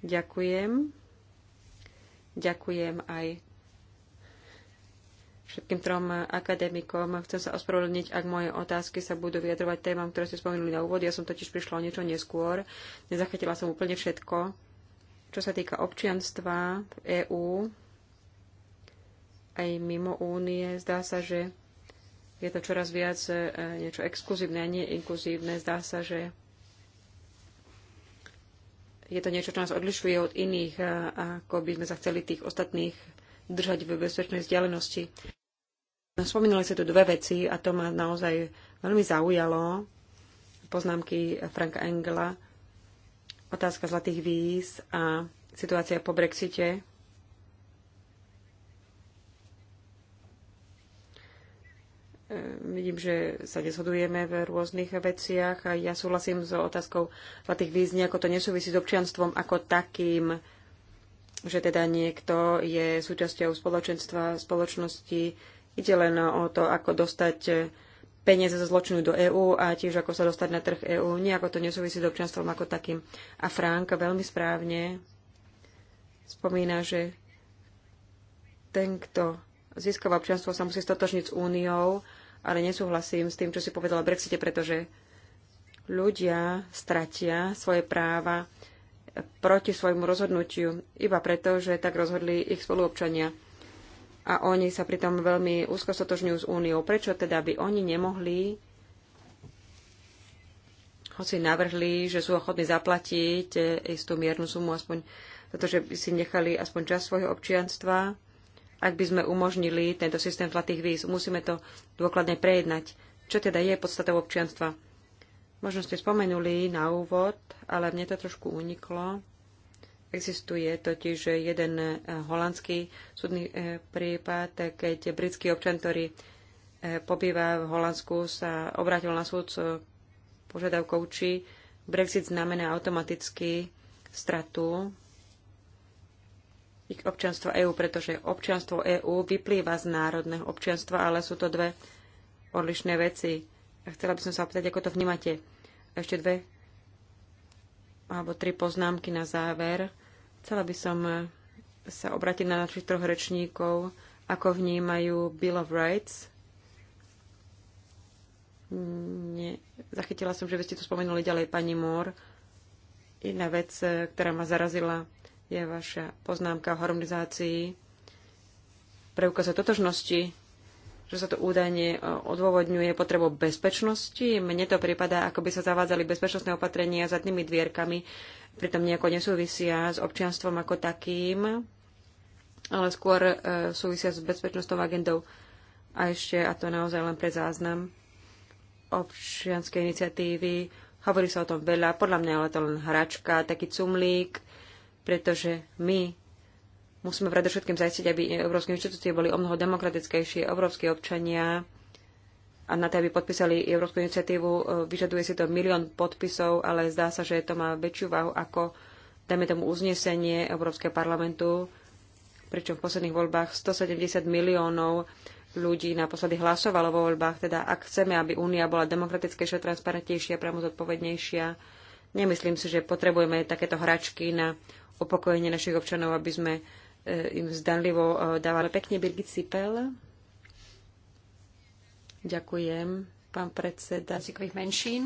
Ďakujem. Ďakujem aj všetkým trom akademikom. Chcem sa ospravedlniť, ak moje otázky sa budú vyjadrovať témam, ktoré ste spomenuli na úvod. Ja som totiž prišla o niečo neskôr. Nezachytila som úplne všetko čo sa týka občianstva v EÚ, aj mimo únie, zdá sa, že je to čoraz viac e, niečo exkluzívne a nie inkluzívne. Zdá sa, že je to niečo, čo nás odlišuje od iných, e, ako by sme sa chceli tých ostatných držať v bezpečnej vzdialenosti. No, spomínali ste tu dve veci a to ma naozaj veľmi zaujalo. Poznámky Franka Engela otázka zlatých víz a situácia po Brexite. Ehm, vidím, že sa nezhodujeme v rôznych veciach a ja súhlasím s otázkou zlatých víz, nejako to nesúvisí s občianstvom ako takým, že teda niekto je súčasťou spoločenstva, spoločnosti. Ide len o to, ako dostať peniaze zo zločinu do EÚ a tiež ako sa dostať na trh EÚ. Nejako to nesúvisí s občanstvom ako takým. A Frank veľmi správne spomína, že ten, kto získava občanstvo, sa musí stotožniť s úniou, ale nesúhlasím s tým, čo si povedala Brexite, pretože ľudia stratia svoje práva proti svojmu rozhodnutiu iba preto, že tak rozhodli ich spoluobčania a oni sa pritom veľmi úzko sotožňujú s úniou. Prečo teda by oni nemohli, hoci navrhli, že sú ochotní zaplatiť e, istú miernu sumu, aspoň za to, že by si nechali aspoň čas svojho občianstva, ak by sme umožnili tento systém zlatých víz. Musíme to dôkladne prejednať. Čo teda je podstatou občianstva? Možno ste spomenuli na úvod, ale mne to trošku uniklo Existuje totiž jeden eh, holandský súdny eh, prípad, keď britský občan, ktorý eh, pobýva v Holandsku, sa obrátil na súd s požiadavkou, či Brexit znamená automaticky stratu ich občanstva EÚ, pretože občanstvo EÚ vyplýva z národného občianstva, ale sú to dve odlišné veci. A chcela by som sa opýtať, ako to vnímate. A ešte dve alebo tri poznámky na záver. Chcela by som eh, sa obrátiť na našich troch rečníkov, ako vnímajú Bill of Rights. Nie. Zachytila som, že by ste tu spomenuli ďalej pani Moore. Jedna vec, eh, ktorá ma zarazila, je vaša poznámka o harmonizácii preukaza totožnosti že sa to údajne e, odôvodňuje potrebou bezpečnosti. Mne to prípada, ako by sa zavádzali bezpečnostné opatrenia za tými dvierkami, pritom nejako nesúvisia s občianstvom ako takým, ale skôr e, súvisia s bezpečnostnou agendou. A ešte, a to naozaj len pre záznam, občianskej iniciatívy. Hovorí sa o tom veľa, podľa mňa ale to len hračka, taký cumlík, pretože my Musíme predovšetkým zajistiť, aby európske inštitúcie boli o mnoho demokratickejšie, európske občania a na to, aby podpísali európsku iniciatívu, e, vyžaduje si to milión podpisov, ale zdá sa, že to má väčšiu váhu ako, dajme tomu, uznesenie Európskeho parlamentu, pričom v posledných voľbách 170 miliónov ľudí naposledy hlasovalo vo voľbách. Teda ak chceme, aby únia bola demokratickejšia, transparentnejšia, priamo zodpovednejšia, nemyslím si, že potrebujeme takéto hračky na upokojenie našich občanov, aby sme im zdanlivo e, dáva. pekne Birgit Sipel. Ďakujem, pán predseda. Jazykových menšín.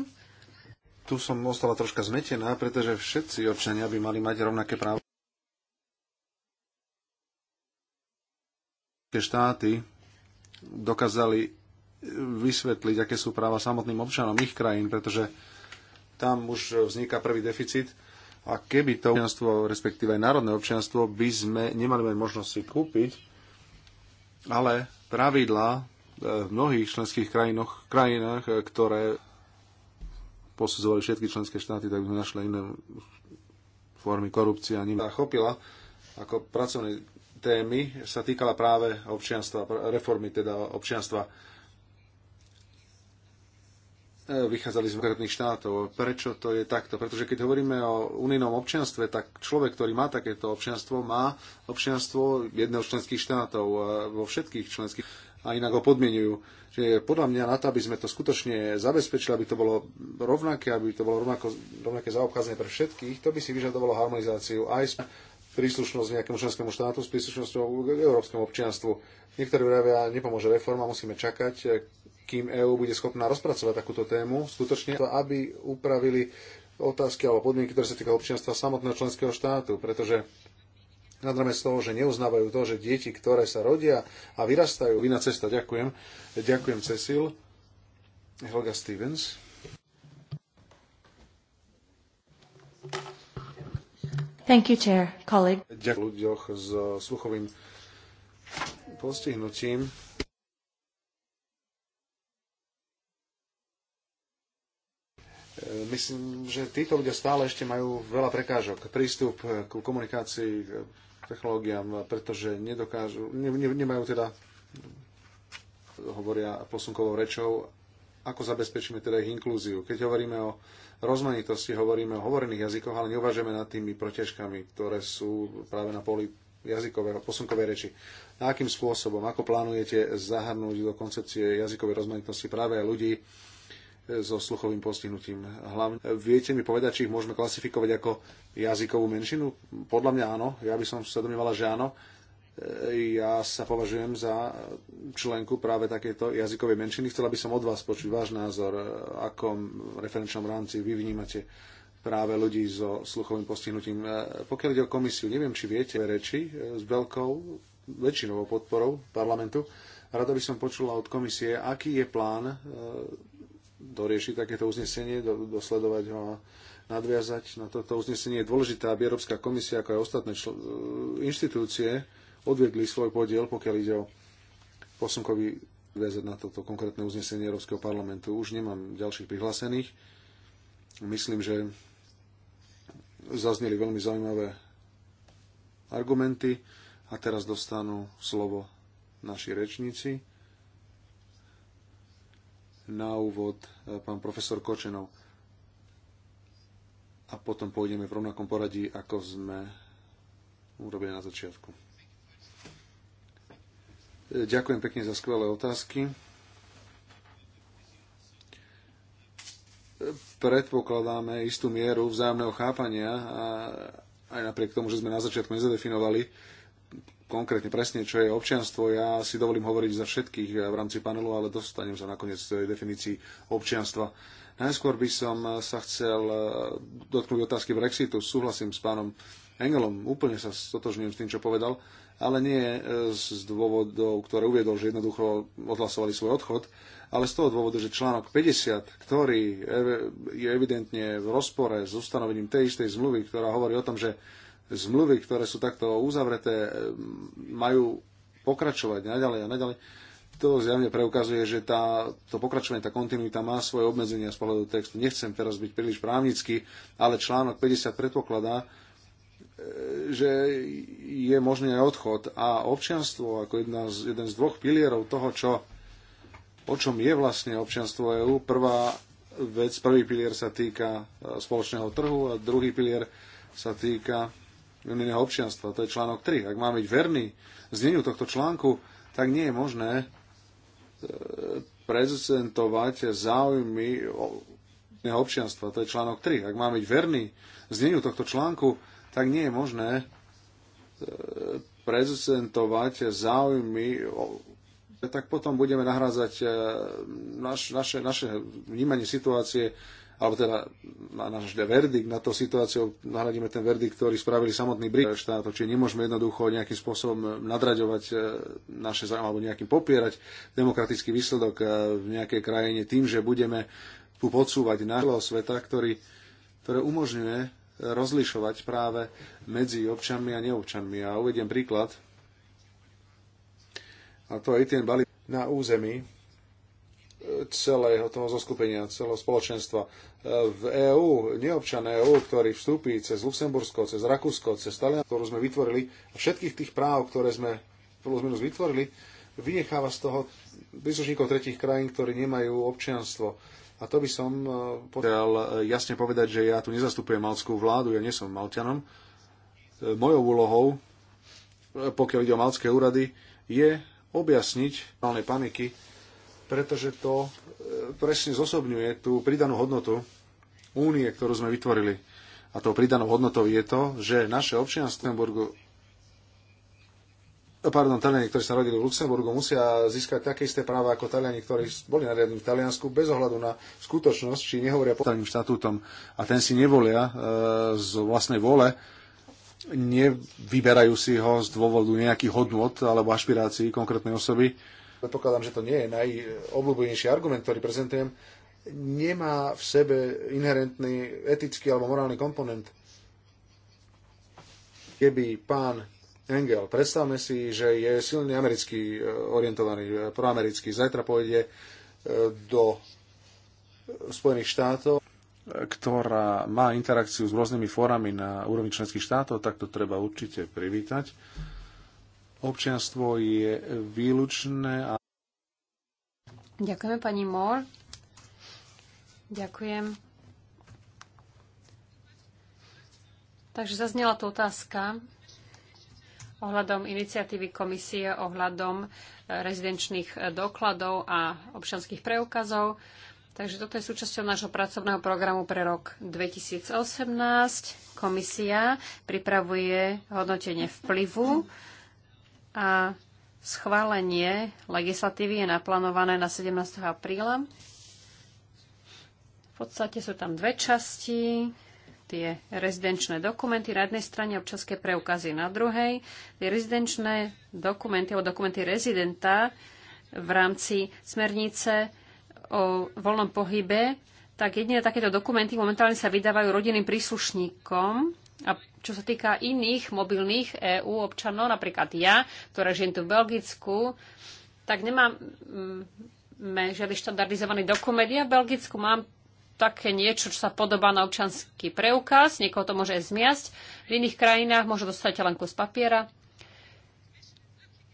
Tu som ostala troška zmetená, pretože všetci občania by mali mať rovnaké právo. štáty dokázali vysvetliť, aké sú práva samotným občanom ich krajín, pretože tam už vzniká prvý deficit a keby to občianstvo, respektíve aj národné občianstvo, by sme nemali mať možnosť si kúpiť, ale pravidlá e, v mnohých členských krajinoch, krajinách, e, ktoré posudzovali všetky členské štáty, tak by sme našli iné formy korupcie a nimi. Chopila ako pracovnej témy sa týkala práve občianstva, reformy teda občianstva vychádzali z konkrétnych štátov. Prečo to je takto? Pretože keď hovoríme o unijnom občianstve, tak človek, ktorý má takéto občianstvo, má občianstvo jedného z členských štátov eh, vo všetkých členských a inak ho podmienujú. Čiže podľa mňa na to, aby sme to skutočne zabezpečili, aby to bolo rovnaké, aby to bolo rovnako, rovnaké zaobchádzanie pre všetkých, to by si vyžadovalo harmonizáciu aj príslušnosť nejakému členskému štátu s príslušnosťou k európskemu občianstvu. Niektorí vravia, nepomôže reforma, musíme čakať, kým EÚ bude schopná rozpracovať takúto tému, skutočne, aby upravili otázky alebo podmienky, ktoré sa týka občianstva samotného členského štátu, pretože nad z toho, že neuznávajú to, že deti, ktoré sa rodia a vyrastajú, iná cesta, ďakujem, ďakujem Cecil, Helga Stevens. Thank you, Chair. Colleague. Ďakujem ľuďoch s uh, sluchovým postihnutím. E, myslím, že títo ľudia stále ešte majú veľa prekážok. Prístup e, k komunikácii, k e, technológiám, pretože nedokážu, ne, ne, nemajú teda, hovoria posunkovou rečou, ako zabezpečíme teda ich inklúziu. Keď hovoríme o rozmanitosti, hovoríme o hovorených jazykoch, ale neuvažujeme nad tými protežkami, ktoré sú práve na poli jazykového, posunkovej reči. akým spôsobom, ako plánujete zahrnúť do koncepcie jazykovej rozmanitosti práve aj ľudí e, so sluchovým postihnutím? Hlavne, viete mi povedať, či ich môžeme klasifikovať ako jazykovú menšinu? Podľa mňa áno, ja by som sa domnievala, že áno ja sa považujem za členku práve takéto jazykovej menšiny. Chcela by som od vás počuť váš názor, akom referenčnom rámci vy vnímate práve ľudí so sluchovým postihnutím. E, pokiaľ ide o komisiu, neviem, či viete reči e, s veľkou väčšinovou podporou parlamentu. Rada by som počula od komisie, aký je plán e, doriešiť takéto uznesenie, dosledovať ho a nadviazať na toto uznesenie. Je dôležité, aby Európska komisia, ako aj ostatné inštitúcie, odviedli svoj podiel, pokiaľ ide o posunkový väzet na toto konkrétne uznesenie Európskeho parlamentu. Už nemám ďalších prihlásených. Myslím, že zazneli veľmi zaujímavé argumenty a teraz dostanú slovo naši rečníci. Na úvod eh, pán profesor Kočenov a potom pôjdeme v rovnakom poradí, ako sme urobili na začiatku. Ďakujem pekne za skvelé otázky. Predpokladáme istú mieru vzájomného chápania a aj napriek tomu, že sme na začiatku nezadefinovali konkrétne presne, čo je občianstvo, ja si dovolím hovoriť za všetkých v rámci panelu, ale dostanem sa nakoniec tej definícii občianstva. Najskôr by som sa chcel dotknúť otázky Brexitu. Súhlasím s pánom Engelom, úplne sa stotožňujem s tým, čo povedal ale nie e, z dôvodov, ktoré uviedol, že jednoducho odhlasovali svoj odchod, ale z toho dôvodu, že článok 50, ktorý je evidentne v rozpore s ustanovením tej istej zmluvy, ktorá hovorí o tom, že zmluvy, ktoré sú takto uzavreté, e, majú pokračovať naďalej a naďalej, to zjavne preukazuje, že tá, to pokračovanie, tá kontinuita má svoje obmedzenia z pohľadu textu. Nechcem teraz byť príliš právnický, ale článok 50 predpokladá, že je možný aj odchod a občianstvo ako jedna z, jeden z dvoch pilierov toho, čo, o čom je vlastne občianstvo EÚ. Prvá vec, prvý pilier sa týka e, spoločného trhu a druhý pilier sa týka unijného občianstva. To je článok 3. Ak má byť verný zneniu tohto článku, tak nie je možné e, prezentovať záujmy občianstva. To je článok 3. Ak má byť verný zneniu tohto článku, tak nie je možné e, prezentovať záujmy, tak potom budeme nahrázať e, naš, naše, naše vnímanie situácie, alebo teda na náš verdikt na to situáciu, nahradíme ten verdikt, ktorý spravili samotný Brit štát, čiže nemôžeme jednoducho nejakým spôsobom e, nadraďovať naše záujmy, alebo nejakým popierať demokratický výsledok v nejakej krajine tým, že budeme tu podsúvať na sveta, ktorý, ktoré umožňuje rozlišovať práve medzi občanmi a neobčanmi. A uvediem príklad, a to je ten balík na území e, celého toho zoskupenia, celého spoločenstva. E, v EÚ, neobčan EÚ, ktorý vstúpi cez Luxembursko, cez Rakúsko, cez Taliansko, ktorú sme vytvorili, a všetkých tých práv, ktoré sme plus minus vytvorili, vynecháva z toho príslušníkov tretich krajín, ktorí nemajú občianstvo a to by som e, povedal e, jasne povedať, že ja tu nezastupujem malckú vládu, ja nie som malťanom. E, mojou úlohou, pokiaľ ide o malcké úrady, je objasniť malé paniky, pretože to presne zosobňuje tú pridanú hodnotu únie, ktorú sme vytvorili. A tou pridanou hodnotou je to, že naše občianstvo v pardon, Taliani, ktorí sa rodili v Luxemburgu, musia získať také isté práva ako Taliani, ktorí boli nariadení v Taliansku, bez ohľadu na skutočnosť, či nehovoria podaným štatútom a ten si nevolia e, z vlastnej vole, nevyberajú si ho z dôvodu nejakých hodnot alebo ašpirácií konkrétnej osoby. Predpokladám, že to nie je najobľúbenejší argument, ktorý prezentujem. Nemá v sebe inherentný etický alebo morálny komponent. Keby pán Engel. Predstavme si, že je silný americký e, orientovaný, e, proamerický. Zajtra pôjde e, do Spojených štátov, ktorá má interakciu s rôznymi fórami na úrovni členských štátov, tak to treba určite privítať. Občianstvo je výlučné. A... Ďakujeme pani Mor. Ďakujem. Takže zaznela tu otázka, ohľadom iniciatívy komisie, ohľadom e, rezidenčných e, dokladov a občanských preukazov. Takže toto je súčasťou nášho pracovného programu pre rok 2018. Komisia pripravuje hodnotenie vplyvu a schválenie legislatívy je naplánované na 17. apríla. V podstate sú tam dve časti tie rezidenčné dokumenty na jednej strane, občanské preukazy na druhej. Tie rezidenčné dokumenty alebo dokumenty rezidenta v rámci smernice o voľnom pohybe, tak jedine takéto dokumenty momentálne sa vydávajú rodinným príslušníkom. A čo sa týka iných mobilných EÚ občanov, napríklad ja, ktorá žijem tu v Belgicku, tak nemám mm, žiadny štandardizovaný dokument. Ja v Belgicku mám také niečo, čo sa podobá na občanský preukaz, niekoho to môže aj zmiasť. V iných krajinách môžu dostať len kus papiera.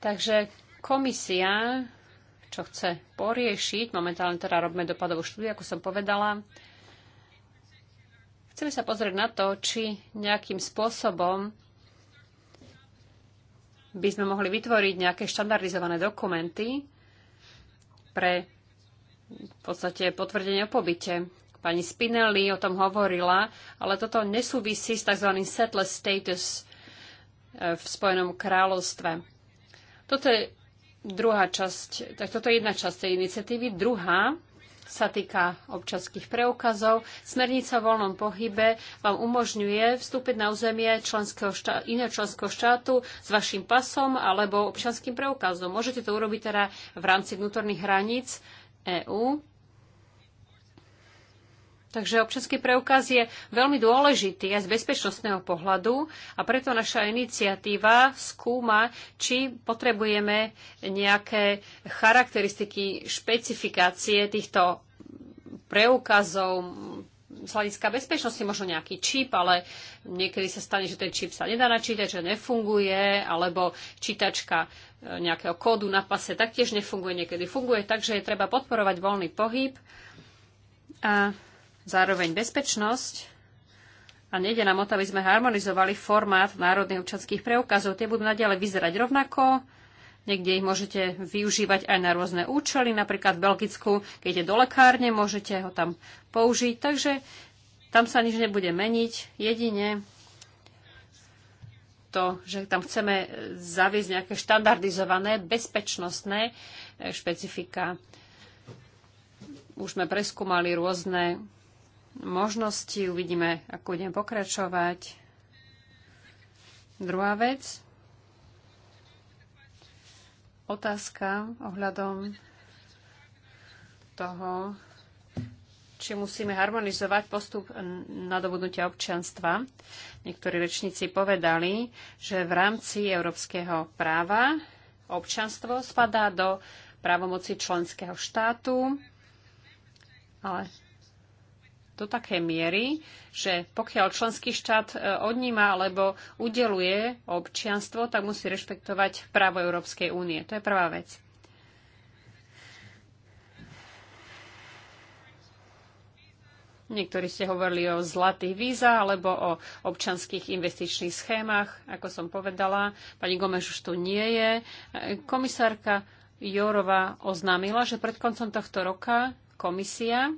Takže komisia, čo chce poriešiť, momentálne teda robíme dopadovú štúdiu, ako som povedala, chceme sa pozrieť na to, či nejakým spôsobom by sme mohli vytvoriť nejaké štandardizované dokumenty pre v podstate potvrdenie o pobyte. Pani Spinelli o tom hovorila, ale toto nesúvisí s tzv. settler status e, v Spojenom kráľovstve. Toto je druhá časť, tak toto je jedna časť tej iniciatívy. Druhá sa týka občanských preukazov. Smernica o voľnom pohybe vám umožňuje vstúpiť na územie členského štá- iného členského štátu s vašim pasom alebo občanským preukazom. Môžete to urobiť teda v rámci vnútorných hraníc EÚ. Takže občanský preukaz je veľmi dôležitý aj z bezpečnostného pohľadu a preto naša iniciatíva skúma, či potrebujeme nejaké charakteristiky, špecifikácie týchto preukazov z hľadiska bezpečnosti, možno nejaký čip, ale niekedy sa stane, že ten čip sa nedá načítať, že nefunguje, alebo čítačka e, nejakého kódu na pase taktiež nefunguje, niekedy funguje, takže je treba podporovať voľný pohyb. A zároveň bezpečnosť a nejde nám o to, aby sme harmonizovali formát národných občanských preukazov. Tie budú naďalej vyzerať rovnako. Niekde ich môžete využívať aj na rôzne účely. Napríklad v Belgicku, keď je do lekárne, môžete ho tam použiť. Takže tam sa nič nebude meniť. Jedine to, že tam chceme zaviesť nejaké štandardizované bezpečnostné eh, špecifika. Už sme preskúmali rôzne možnosti, uvidíme, ako budem pokračovať. Druhá vec, otázka ohľadom toho, či musíme harmonizovať postup nadobudnutia občianstva. Niektorí rečníci povedali, že v rámci európskeho práva občanstvo spadá do právomoci členského štátu, ale do takej miery, že pokiaľ členský štát e, odníma alebo udeluje občianstvo, tak musí rešpektovať právo Európskej únie. To je prvá vec. Niektorí ste hovorili o zlatých víza alebo o občanských investičných schémach. Ako som povedala, pani Gomeš už tu nie je. Komisárka Jorová oznámila, že pred koncom tohto roka komisia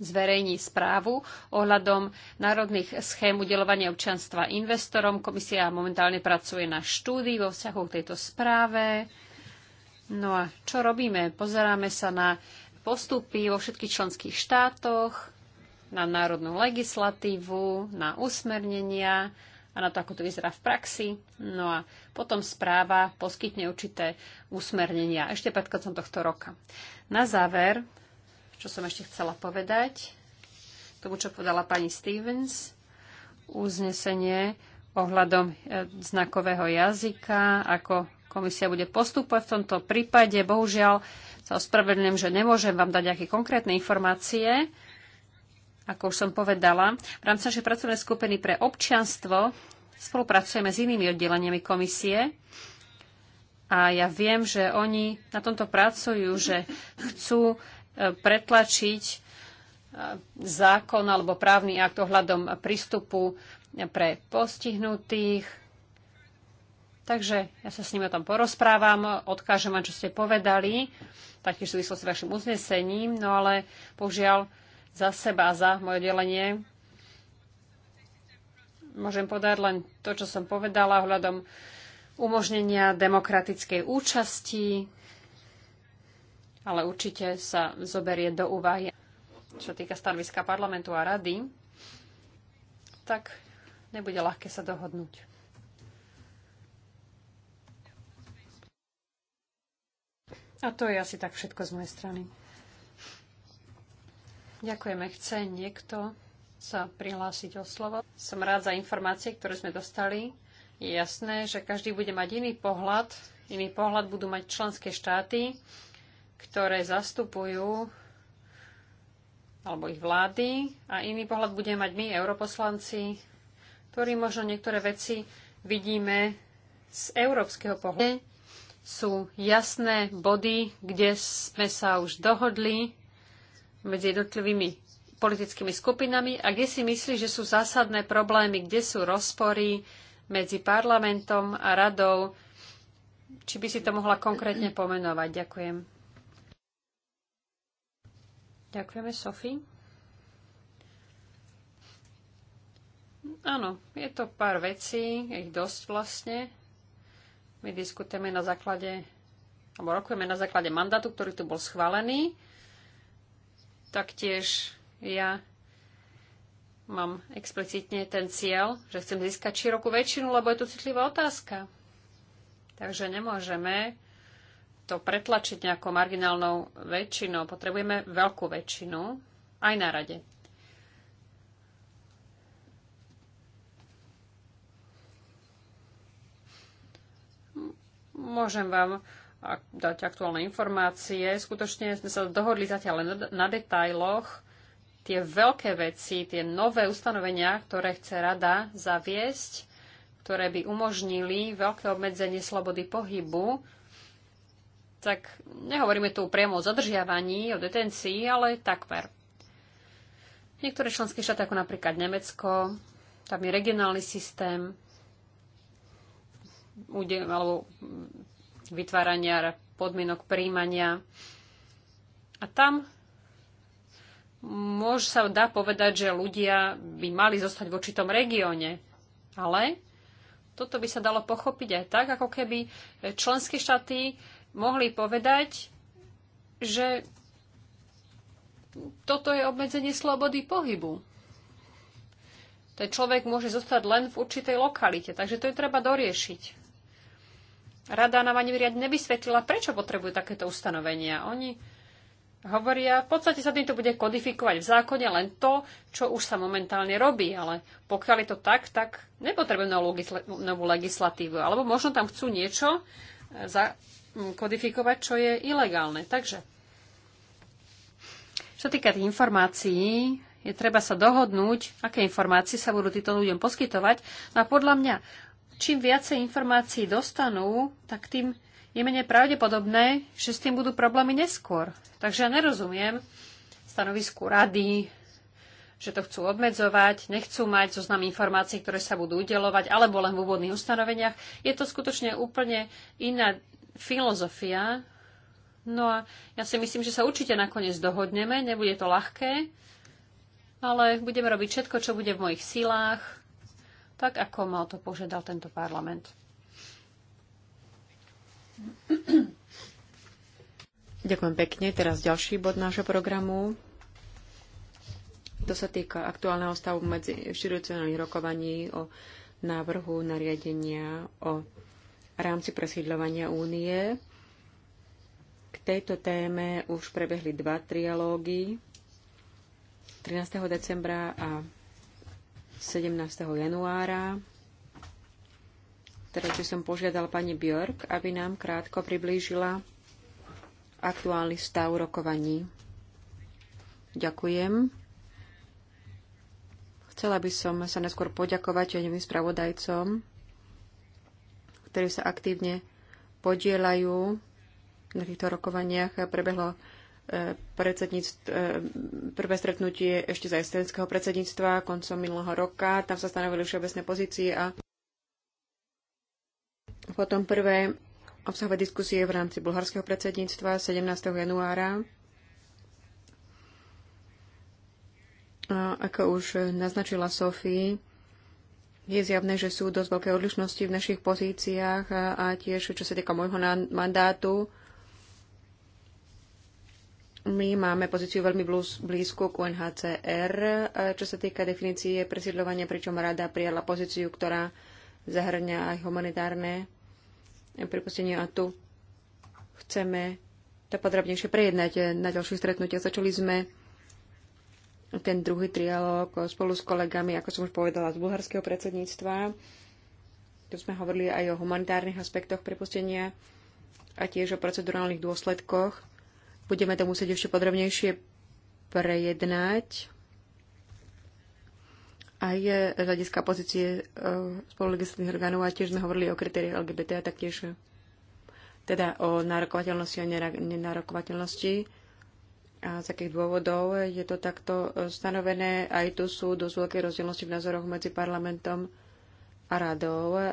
zverejní správu ohľadom národných schém udelovania občanstva investorom. Komisia momentálne pracuje na štúdii vo vzťahu k tejto správe. No a čo robíme? Pozeráme sa na postupy vo všetkých členských štátoch, na národnú legislatívu, na usmernenia a na to, ako to vyzerá v praxi. No a potom správa poskytne určité usmernenia ešte predkoncom tohto roka. Na záver čo som ešte chcela povedať, tomu, čo povedala pani Stevens, uznesenie ohľadom e, znakového jazyka, ako komisia bude postupovať v tomto prípade. Bohužiaľ sa ospravedlňujem, že nemôžem vám dať nejaké konkrétne informácie, ako už som povedala. V rámci našej pracovnej skupiny pre občianstvo spolupracujeme s inými oddeleniami komisie a ja viem, že oni na tomto pracujú, že chcú pretlačiť e, zákon alebo právny akt ohľadom prístupu pre postihnutých. Takže ja sa s nimi o tom porozprávam, odkážem vám, čo ste povedali, taktiež v súvislosti s vašim uznesením, no ale požiaľ za seba a za moje delenie môžem povedať len to, čo som povedala ohľadom umožnenia demokratickej účasti ale určite sa zoberie do úvahy, čo týka stanoviska parlamentu a rady, tak nebude ľahké sa dohodnúť. A to je asi tak všetko z mojej strany. Ďakujeme. Chce niekto sa prihlásiť o slovo? Som rád za informácie, ktoré sme dostali. Je jasné, že každý bude mať iný pohľad. Iný pohľad budú mať členské štáty ktoré zastupujú alebo ich vlády a iný pohľad budeme mať my, europoslanci, ktorí možno niektoré veci vidíme z európskeho pohľadu. Sú jasné body, kde sme sa už dohodli medzi jednotlivými politickými skupinami a kde si myslí, že sú zásadné problémy, kde sú rozpory medzi parlamentom a radou. Či by si to mohla konkrétne pomenovať? Ďakujem. Ďakujeme, Sofi. Áno, je to pár vecí, ich dosť vlastne. My diskutujeme na základe, alebo rokujeme na základe mandátu, ktorý tu bol schválený. Taktiež ja mám explicitne ten cieľ, že chcem získať širokú väčšinu, lebo je to citlivá otázka. Takže nemôžeme to pretlačiť nejakou marginálnou väčšinou. Potrebujeme veľkú väčšinu aj na rade. Môžem vám dať aktuálne informácie. Skutočne sme sa dohodli zatiaľ len na detailoch. Tie veľké veci, tie nové ustanovenia, ktoré chce rada zaviesť, ktoré by umožnili veľké obmedzenie slobody pohybu, tak nehovoríme tu priamo o zadržiavaní, o detencii, ale takmer. Niektoré členské štáty, ako napríklad Nemecko, tam je regionálny systém alebo vytvárania podmienok príjmania. A tam môže sa dá povedať, že ľudia by mali zostať v určitom regióne. Ale toto by sa dalo pochopiť aj tak, ako keby členské štáty mohli povedať, že toto je obmedzenie slobody pohybu. Ten človek môže zostať len v určitej lokalite, takže to je treba doriešiť. Rada nám ani riadne nevysvetlila, prečo potrebujú takéto ustanovenia. Oni hovoria, v podstate sa týmto bude kodifikovať v zákone len to, čo už sa momentálne robí, ale pokiaľ je to tak, tak nepotrebujú novú legislatívu. Alebo možno tam chcú niečo e, Mm, kodifikovať, čo je ilegálne. Takže, čo týka tých informácií, je treba sa dohodnúť, aké informácie sa budú týmto ľuďom poskytovať. No a podľa mňa, čím viacej informácií dostanú, tak tým je menej pravdepodobné, že s tým budú problémy neskôr. Takže ja nerozumiem stanovisku rady, že to chcú obmedzovať, nechcú mať zoznam informácií, ktoré sa budú udelovať, alebo len v úvodných ustanoveniach. Je to skutočne úplne iná filozofia. No a ja si myslím, že sa určite nakoniec dohodneme, nebude to ľahké, ale budeme robiť všetko, čo bude v mojich silách, tak ako mal to požiadal tento parlament. Ďakujem pekne. Teraz ďalší bod nášho programu. To sa týka aktuálneho stavu medzi inštitucionálnych rokovaní o návrhu nariadenia o rámci presídľovania únie. K tejto téme už prebehli dva trialógy 13. decembra a 17. januára. Teraz by som požiadal pani Björk, aby nám krátko priblížila aktuálny stav rokovaní. Ďakujem. Chcela by som sa neskôr poďakovať oňovým spravodajcom ktorí sa aktívne podielajú na týchto rokovaniach. Prebehlo e, e, prvé stretnutie ešte za estenského predsedníctva koncom minulého roka. Tam sa stanovili všeobecné pozície a potom prvé obsahové diskusie v rámci bulharského predsedníctva 17. januára. A ako už naznačila Sofie, je zjavné, že sú dosť veľké odlišnosti v našich pozíciách a tiež, čo sa týka môjho mandátu, my máme pozíciu veľmi blízku k UNHCR, čo sa týka definície presídľovania, pričom rada prijala pozíciu, ktorá zahrňa aj humanitárne pripustenie a tu chceme to podrobnejšie prejednať na ďalších stretnutiach. Začali sme ten druhý trialóg spolu s kolegami, ako som už povedala, z bulharského predsedníctva. Tu sme hovorili aj o humanitárnych aspektoch prepustenia a tiež o procedurálnych dôsledkoch. Budeme to musieť ešte podrobnejšie prejednať aj z hľadiska pozície e, spolulegislatívnych orgánov a tiež sme hovorili o kritériách LGBT a taktiež teda o nárokovateľnosti a nenárokovateľnosti a z akých dôvodov je to takto e, stanovené. Aj tu sú dosť veľké rozdielnosti v názoroch medzi parlamentom a radou, e,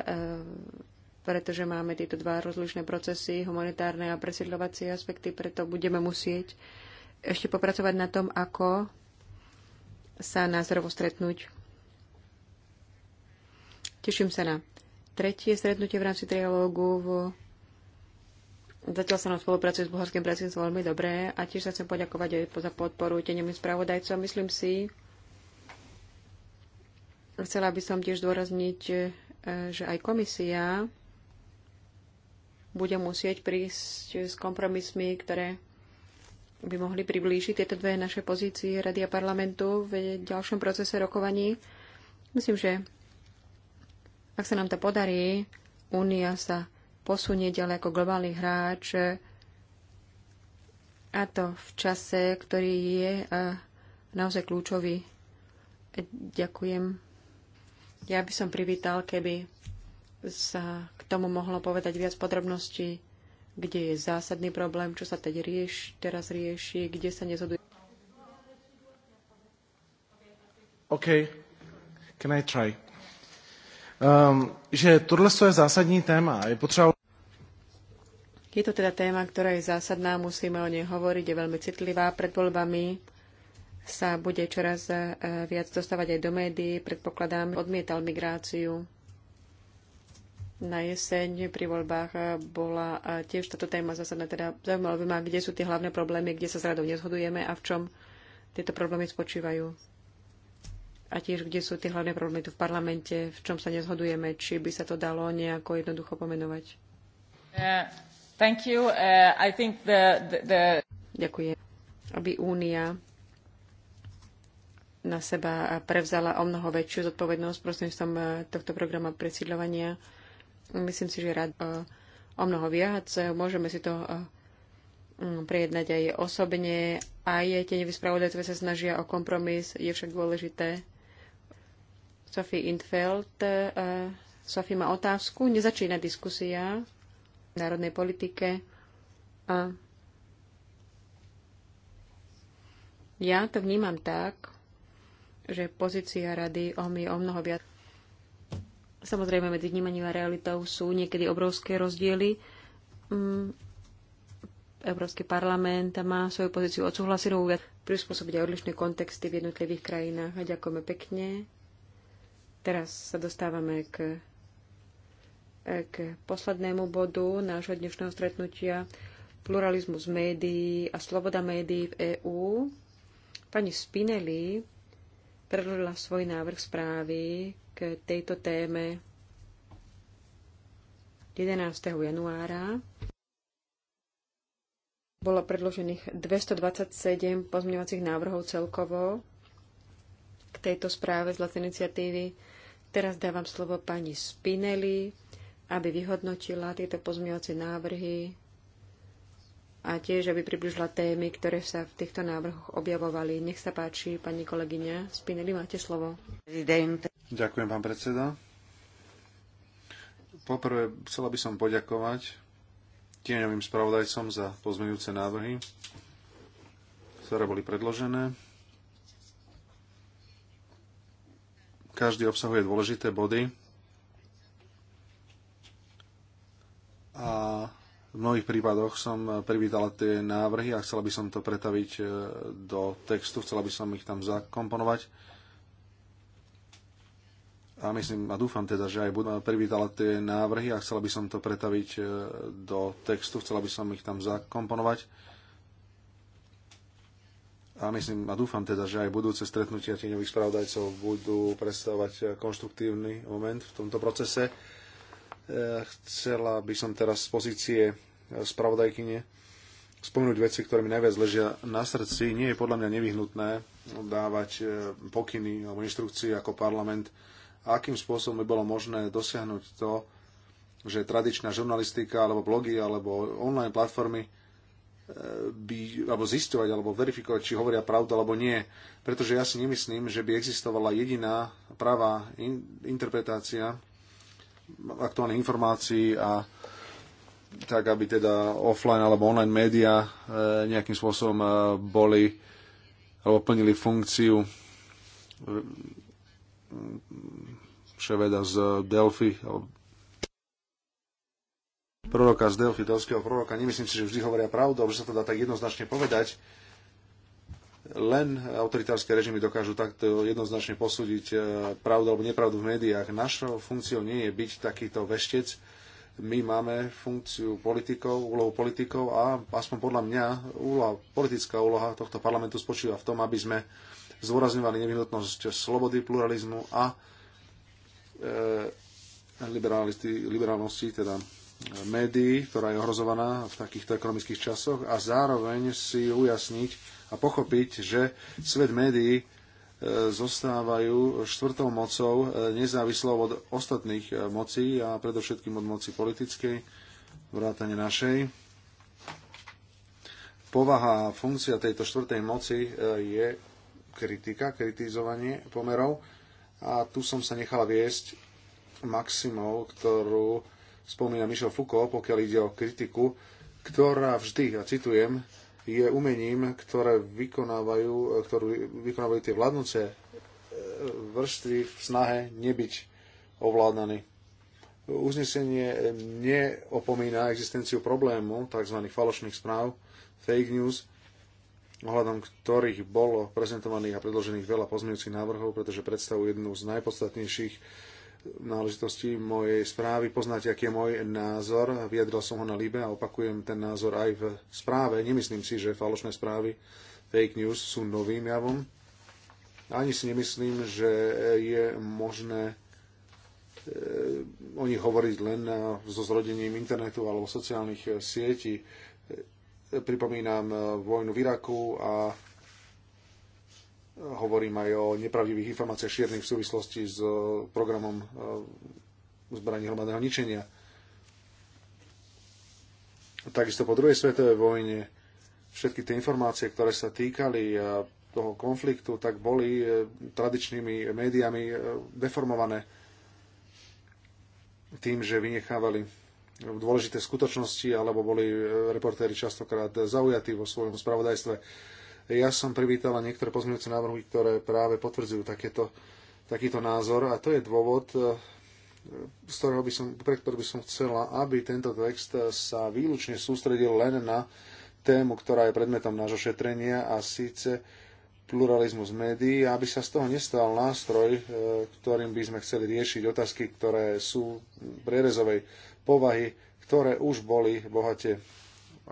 pretože máme tieto dva rozlišné procesy, humanitárne a presiedľovacie aspekty, preto budeme musieť ešte popracovať na tom, ako sa názorovo stretnúť. Teším sa na tretie stretnutie v rámci trialógu v Zatiaľ sa nám spolupracuje s bulharským predsedníctvom veľmi dobre a tiež sa chcem poďakovať aj za podporu tenemým spravodajcom. Myslím si, chcela by som tiež dôrazniť, e, že aj komisia bude musieť prísť s kompromismi, ktoré by mohli priblížiť tieto dve naše pozície Rady a parlamentu v ďalšom procese rokovaní. Myslím, že ak sa nám to podarí, Únia sa posunie ďalej ako globálny hráč a to v čase, ktorý je e, naozaj kľúčový. Ďakujem. Ja by som privítal, keby sa k tomu mohlo povedať viac podrobností, kde je zásadný problém, čo sa teď rieš, teraz rieši, kde sa nezhodujú. OK, can I try? Um, že tohle je zásadní téma. Je potřeba je to teda téma, ktorá je zásadná, musíme o nej hovoriť, je veľmi citlivá. Pred voľbami sa bude čoraz e, viac dostávať aj do médií. Predpokladám, odmietal migráciu. Na jeseň pri voľbách e, bola e, tiež táto téma zásadná. Teda zaujímalo by ma, kde sú tie hlavné problémy, kde sa s radou nezhodujeme a v čom tieto problémy spočívajú. A tiež, kde sú tie hlavné problémy tu v parlamente, v čom sa nezhodujeme, či by sa to dalo nejako jednoducho pomenovať. Yeah. Uh, Ďakujem. Aby Únia na seba prevzala o mnoho väčšiu zodpovednosť prostredníctvom uh, tohto programa presídľovania. Myslím si, že rád uh, o mnoho viac. Môžeme si to mm, prejednať aj osobne. Aj tie nevyspravodajce sa snažia o kompromis. Je však dôležité. Sophie Intfeld. Sophie má otázku. Nezačína diskusia národnej politike a ja to vnímam tak, že pozícia rady o my o mnoho viac. Samozrejme, medzi vnímaním a realitou sú niekedy obrovské rozdiely. Mm, Európsky parlament má svoju pozíciu odsúhlasenú prispôsobiť aj odlišné kontexty v jednotlivých krajinách. A ďakujeme pekne. Teraz sa dostávame k k poslednému bodu nášho dnešného stretnutia pluralizmus médií a sloboda médií v EÚ. Pani Spinelli predložila svoj návrh správy k tejto téme 11. januára. Bolo predložených 227 pozmeňovacích návrhov celkovo k tejto správe z iniciatívy. Teraz dávam slovo pani Spinelli aby vyhodnotila tieto pozmeňovacie návrhy a tiež, aby približila témy, ktoré sa v týchto návrhoch objavovali. Nech sa páči, pani kolegyňa Spinelli, máte slovo. Ďakujem, pán predseda. Poprvé, chcela by som poďakovať tieňovým spravodajcom za pozmeňujúce návrhy, ktoré boli predložené. Každý obsahuje dôležité body, a v mnohých prípadoch som privítala tie návrhy a chcela by som to pretaviť e, do textu, chcela by som ich tam zakomponovať. A myslím a dúfam teda, že aj budem privítala tie návrhy a chcela by som to pretaviť e, do textu, chcela by som ich tam zakomponovať. A myslím a dúfam teda, že aj budúce stretnutia tieňových spravodajcov budú predstavovať konštruktívny moment v tomto procese. Chcela by som teraz z pozície spravodajkyne spomenúť veci, ktoré mi najviac ležia na srdci. Nie je podľa mňa nevyhnutné dávať e, pokyny alebo inštrukcie ako parlament, akým spôsobom by bolo možné dosiahnuť to, že tradičná žurnalistika alebo blogy alebo online platformy e, by, alebo zisťovať, alebo verifikovať, či hovoria pravdu alebo nie. Pretože ja si nemyslím, že by existovala jediná pravá in, interpretácia aktuálnych informácií a tak, aby teda offline alebo online média e, nejakým spôsobom e, boli alebo plnili funkciu e, ševeda z Delphi alebo proroka z Delphi, delského proroka. Nemyslím si, že vždy hovoria pravdu, že sa to dá tak jednoznačne povedať len autoritárske režimy dokážu takto jednoznačne posúdiť eh, pravdu alebo nepravdu v médiách. Našou funkciou nie je byť takýto veštec. My máme funkciu politikov, úlohu politikov a aspoň podľa mňa úloha, politická úloha tohto parlamentu spočíva v tom, aby sme zdôrazňovali nevyhnutnosť slobody, pluralizmu a e, liberálnosti, teda médií, ktorá je ohrozovaná v takýchto ekonomických časoch a zároveň si ujasniť a pochopiť, že svet médií e, zostávajú štvrtou mocou e, nezávislou od ostatných e, mocí a predovšetkým od moci politickej, vrátane našej. Povaha a funkcia tejto štvrtej moci je kritika, kritizovanie pomerov a tu som sa nechal viesť maximou, ktorú spomína Michel Foucault, pokiaľ ide o kritiku, ktorá vždy, a citujem, je umením, ktoré vykonávajú, ktorú vykonávajú tie vládnúce e, vrstvy v snahe nebyť ovládaný. Uznesenie neopomína existenciu problému tzv. falošných správ, fake news, ohľadom ktorých bolo prezentovaných a predložených veľa pozmeňujúcich návrhov, pretože predstavujú jednu z najpodstatnejších náležitosti mojej správy. Poznáte, aký je môj názor. Vyjadril som ho na Libe a opakujem ten názor aj v správe. Nemyslím si, že falošné správy, fake news sú novým javom. Ani si nemyslím, že je možné e, o nich hovoriť len so zrodením internetu alebo sociálnych sietí. E, pripomínam e, vojnu v Iraku a Hovorím aj o nepravdivých informáciách šírnych v súvislosti s eh, programom eh, zbraní hromadného ničenia. Takisto po druhej svetovej vojne všetky tie informácie, ktoré sa týkali eh, toho konfliktu, tak boli tradičnými médiami deformované tým, že vynechávali dôležité skutočnosti, alebo boli reportéri častokrát zaujatí vo svojom spravodajstve. Ja som privítala niektoré pozmeňujúce návrhy, ktoré práve potvrdzujú takéto, takýto názor a to je dôvod, e, z ktorého by som, pre ktorý by som chcela, aby tento text sa výlučne sústredil len na tému, ktorá je predmetom nášho šetrenia a síce pluralizmus médií, aby sa z toho nestal nástroj, e, ktorým by sme chceli riešiť otázky, ktoré sú prierezovej povahy, ktoré už boli bohate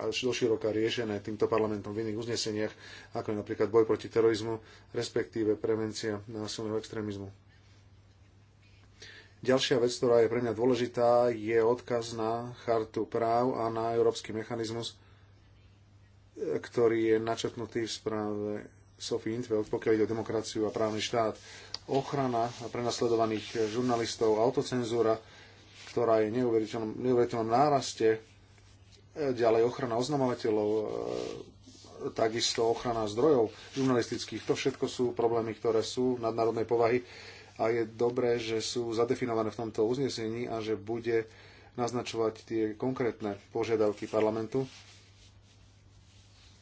doširoka riešené týmto parlamentom v iných uzneseniach, ako je napríklad boj proti terorizmu, respektíve prevencia násilného extrémizmu. Ďalšia vec, ktorá je pre mňa dôležitá, je odkaz na chartu práv a na európsky mechanizmus, ktorý je načrtnutý v správe Sophie Intveld, pokiaľ ide o demokraciu a právny štát. Ochrana prenasledovaných žurnalistov, autocenzúra, ktorá je neuveriteľnom, neuveriteľnom náraste ďalej ochrana oznamovateľov, e, takisto ochrana zdrojov žurnalistických. To všetko sú problémy, ktoré sú nadnárodnej povahy a je dobré, že sú zadefinované v tomto uznesení a že bude naznačovať tie konkrétne požiadavky parlamentu.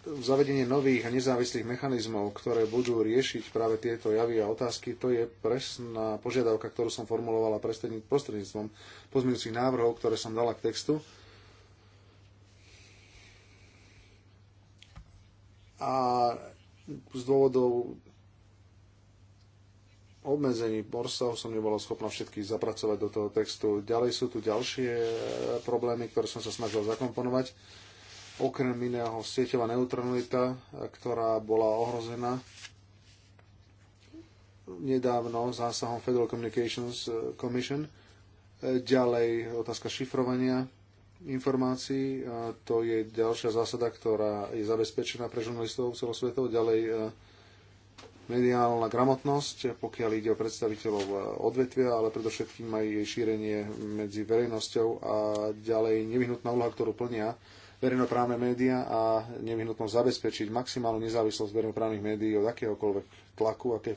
Zavedenie nových a nezávislých mechanizmov, ktoré budú riešiť práve tieto javy a otázky, to je presná požiadavka, ktorú som formulovala prostredníctvom pozmeňujúcich návrhov, ktoré som dala k textu a z dôvodov obmedzení Borsov som nebola schopná všetkých zapracovať do toho textu. Ďalej sú tu ďalšie e, problémy, ktoré som sa snažil zakomponovať. Okrem iného sieťová neutralita, e, ktorá bola ohrozená nedávno zásahom Federal Communications e, Commission. Ďalej otázka šifrovania informácií. A to je ďalšia zásada, ktorá je zabezpečená pre žurnalistov celosvetov. Ďalej e, mediálna gramotnosť, pokiaľ ide o predstaviteľov e, odvetvia, ale predovšetkým aj jej šírenie medzi verejnosťou a ďalej nevyhnutná úloha, ktorú plnia verejnoprávne médiá a nevyhnutnosť zabezpečiť maximálnu nezávislosť verejnoprávnych médií od akéhokoľvek tlaku, aké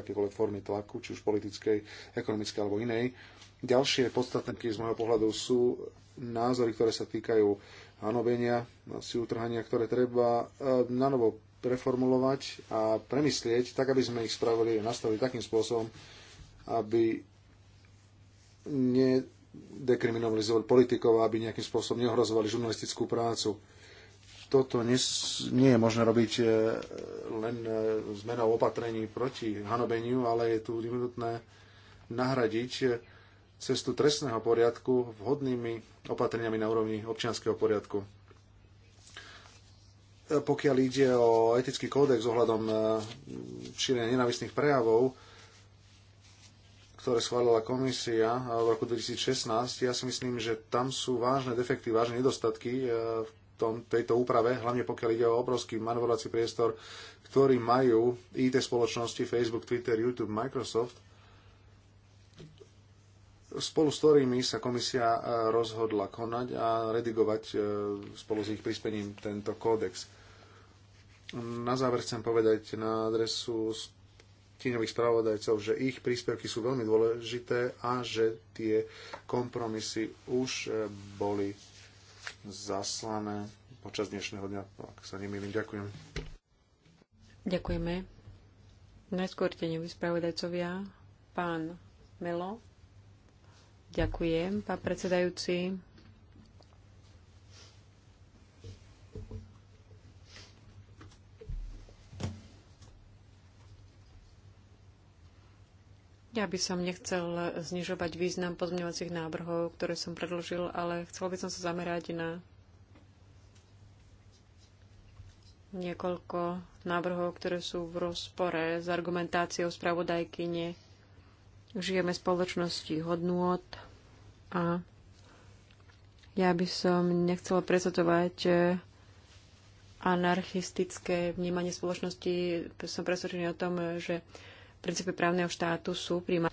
akékoľvek formy tlaku, či už politickej, ekonomickej alebo inej. Ďalšie podstatné z môjho pohľadu sú názory, ktoré sa týkajú hanobenia, si utrhania, ktoré treba e, na novo preformulovať a premyslieť, tak aby sme ich spravili a nastavili takým spôsobom, aby nedekriminalizovali politikov, aby nejakým spôsobom neohrozovali žurnalistickú prácu toto nie je možné robiť e, len e, zmenou opatrení proti hanobeniu, ale je tu nutné nahradiť e, cestu trestného poriadku vhodnými opatreniami na úrovni občianskeho poriadku. Pokiaľ ide o etický kódex ohľadom šírenia nenavistných prejavov, ktoré schválila komisia v roku 2016, ja si myslím, že tam sú vážne defekty, vážne nedostatky v tom, tejto úprave, hlavne pokiaľ ide o obrovský manevrovací priestor, ktorý majú IT spoločnosti Facebook, Twitter, YouTube, Microsoft, spolu s ktorými sa komisia e, rozhodla konať a redigovať e, spolu s ich prispením tento kódex. Na záver chcem povedať na adresu tieňových spravodajcov, že ich príspevky sú veľmi dôležité a že tie kompromisy už e, boli zaslané počas dnešného dňa, ak sa nemýlim. Ďakujem. Ďakujeme. Najskôr tenevý spravodajcovia, pán Melo. Ďakujem, pán predsedajúci. Ja by som nechcel znižovať význam pozmeňovacích návrhov, ktoré som predložil, ale chcel by som sa zamerať na niekoľko návrhov, ktoré sú v rozpore s argumentáciou spravodajkyne. Žijeme v spoločnosti hodnôt a ja by som nechcela prezentovať eh, anarchistické vnímanie spoločnosti. Som presvedčený o tom, že princípy právneho štátu sú príjma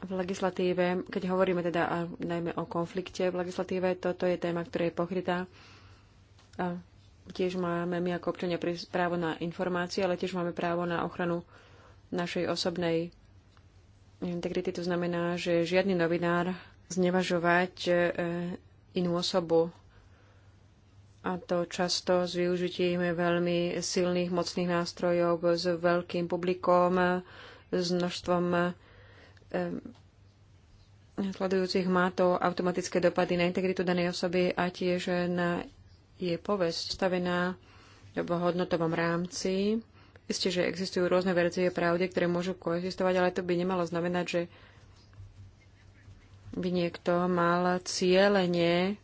v legislatíve, keď hovoríme teda a najmä o konflikte v legislatíve, toto je téma, ktorá je pokrytá. A tiež máme my ako občania právo na informácie, ale tiež máme právo na ochranu našej osobnej integrity. To znamená, že žiadny novinár znevažovať e, inú osobu a to často s využitím veľmi silných, mocných nástrojov, s veľkým publikom, s množstvom sledujúcich má to automatické dopady na integritu danej osoby a tiež na jej povesť stavená v hodnotovom rámci. Isté, že existujú rôzne verzie pravde, ktoré môžu koexistovať, ale to by nemalo znamenať, že by niekto mal cieľene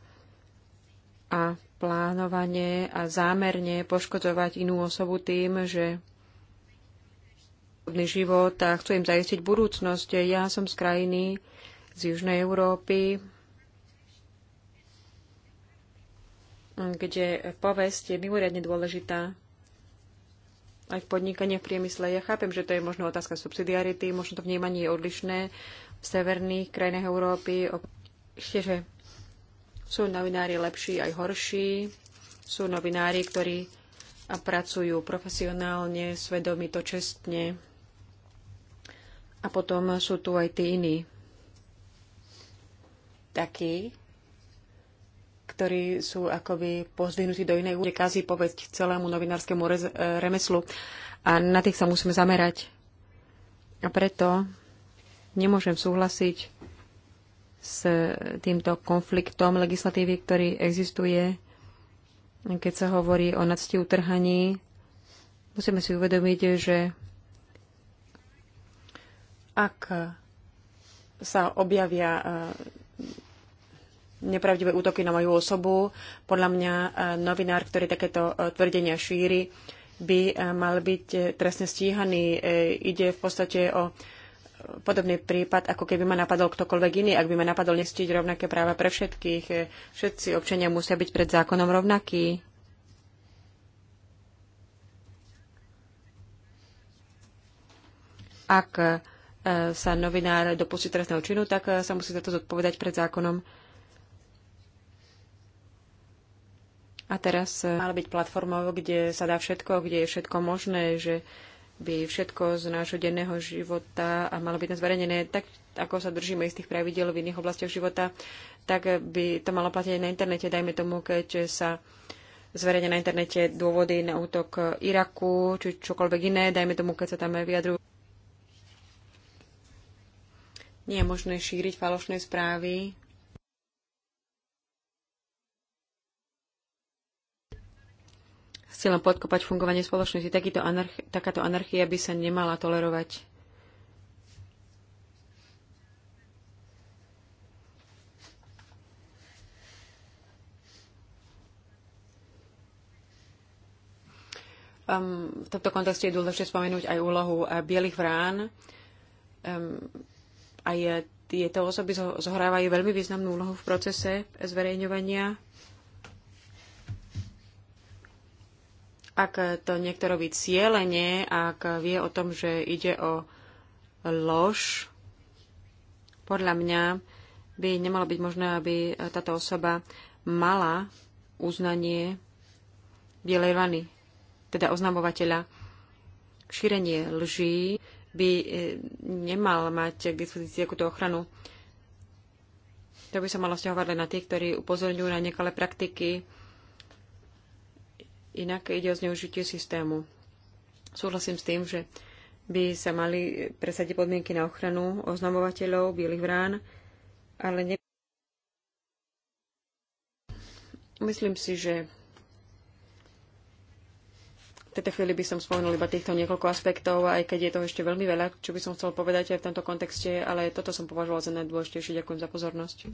a plánovane a zámerne poškodzovať inú osobu tým, že život a chcú im zajistiť budúcnosť. Ja som z krajiny z Južnej Európy, kde povesť je mimoriadne dôležitá aj v podnikaní, v priemysle. Ja chápem, že to je možno otázka subsidiarity, možno to vnímanie je odlišné v severných krajinách Európy. Ešte, že sú novinári lepší aj horší. Sú novinári, ktorí pracujú profesionálne, svedomito, čestne. A potom sú tu aj tí iní. Takí, ktorí sú akoby pozvinutí do inej úrekazy povedť celému novinárskému e, remeslu. A na tých sa musíme zamerať. A preto nemôžem súhlasiť s týmto konfliktom legislatívy, ktorý existuje, keď sa hovorí o nadstihu utrhaní. Musíme si uvedomiť, že ak sa objavia e, nepravdivé útoky na moju osobu. Podľa mňa e, novinár, ktorý takéto e, tvrdenia šíri, by mal byť trestne stíhaný. Ide v podstate o podobný prípad, ako keby ma napadol ktokoľvek iný. Ak by ma napadol nestiť rovnaké práva pre všetkých, eh, všetci občania musia byť pred zákonom rovnakí. Ak eh, sa novinár dopustí trestného činu, tak eh, sa musí za to zodpovedať pred zákonom. A teraz mala byť platformou, kde sa dá všetko, kde je všetko možné, že by všetko z nášho denného života a malo byť nás zverejnené tak, ako sa držíme istých pravidel v iných oblastiach života, tak by to malo platiť aj na internete. Dajme tomu, keď sa zverejne na internete dôvody na útok Iraku či čokoľvek iné, dajme tomu, keď sa tam vyjadrujú. Nie je možné šíriť falošné správy s cieľom podkopať fungovanie spoločnosti. Takýto anarch- takáto anarchia by sa nemala tolerovať. Um, v tomto kontexte je dôležité spomenúť aj úlohu uh, bielých vrán. Um, aj tieto osoby zohrávajú veľmi významnú úlohu v procese zverejňovania Ak to niekto robí cieľene, ak vie o tom, že ide o lož, podľa mňa by nemalo byť možné, aby táto osoba mala uznanie bielej rany, teda oznamovateľa. Šírenie lží by e, nemal mať k dispozícii takúto ochranu. To by sa malo vzťahovať len na tých, ktorí upozorňujú na nekalé praktiky, Inak ide o zneužitie systému. Súhlasím s tým, že by sa mali presadiť podmienky na ochranu oznamovateľov bielých vrán, ale ne... Myslím si, že v tejto chvíli by som spomenul iba týchto niekoľko aspektov, aj keď je toho ešte veľmi veľa, čo by som chcel povedať aj v tomto kontexte, ale toto som považoval za najdôležitejšie. Ďakujem za pozornosť.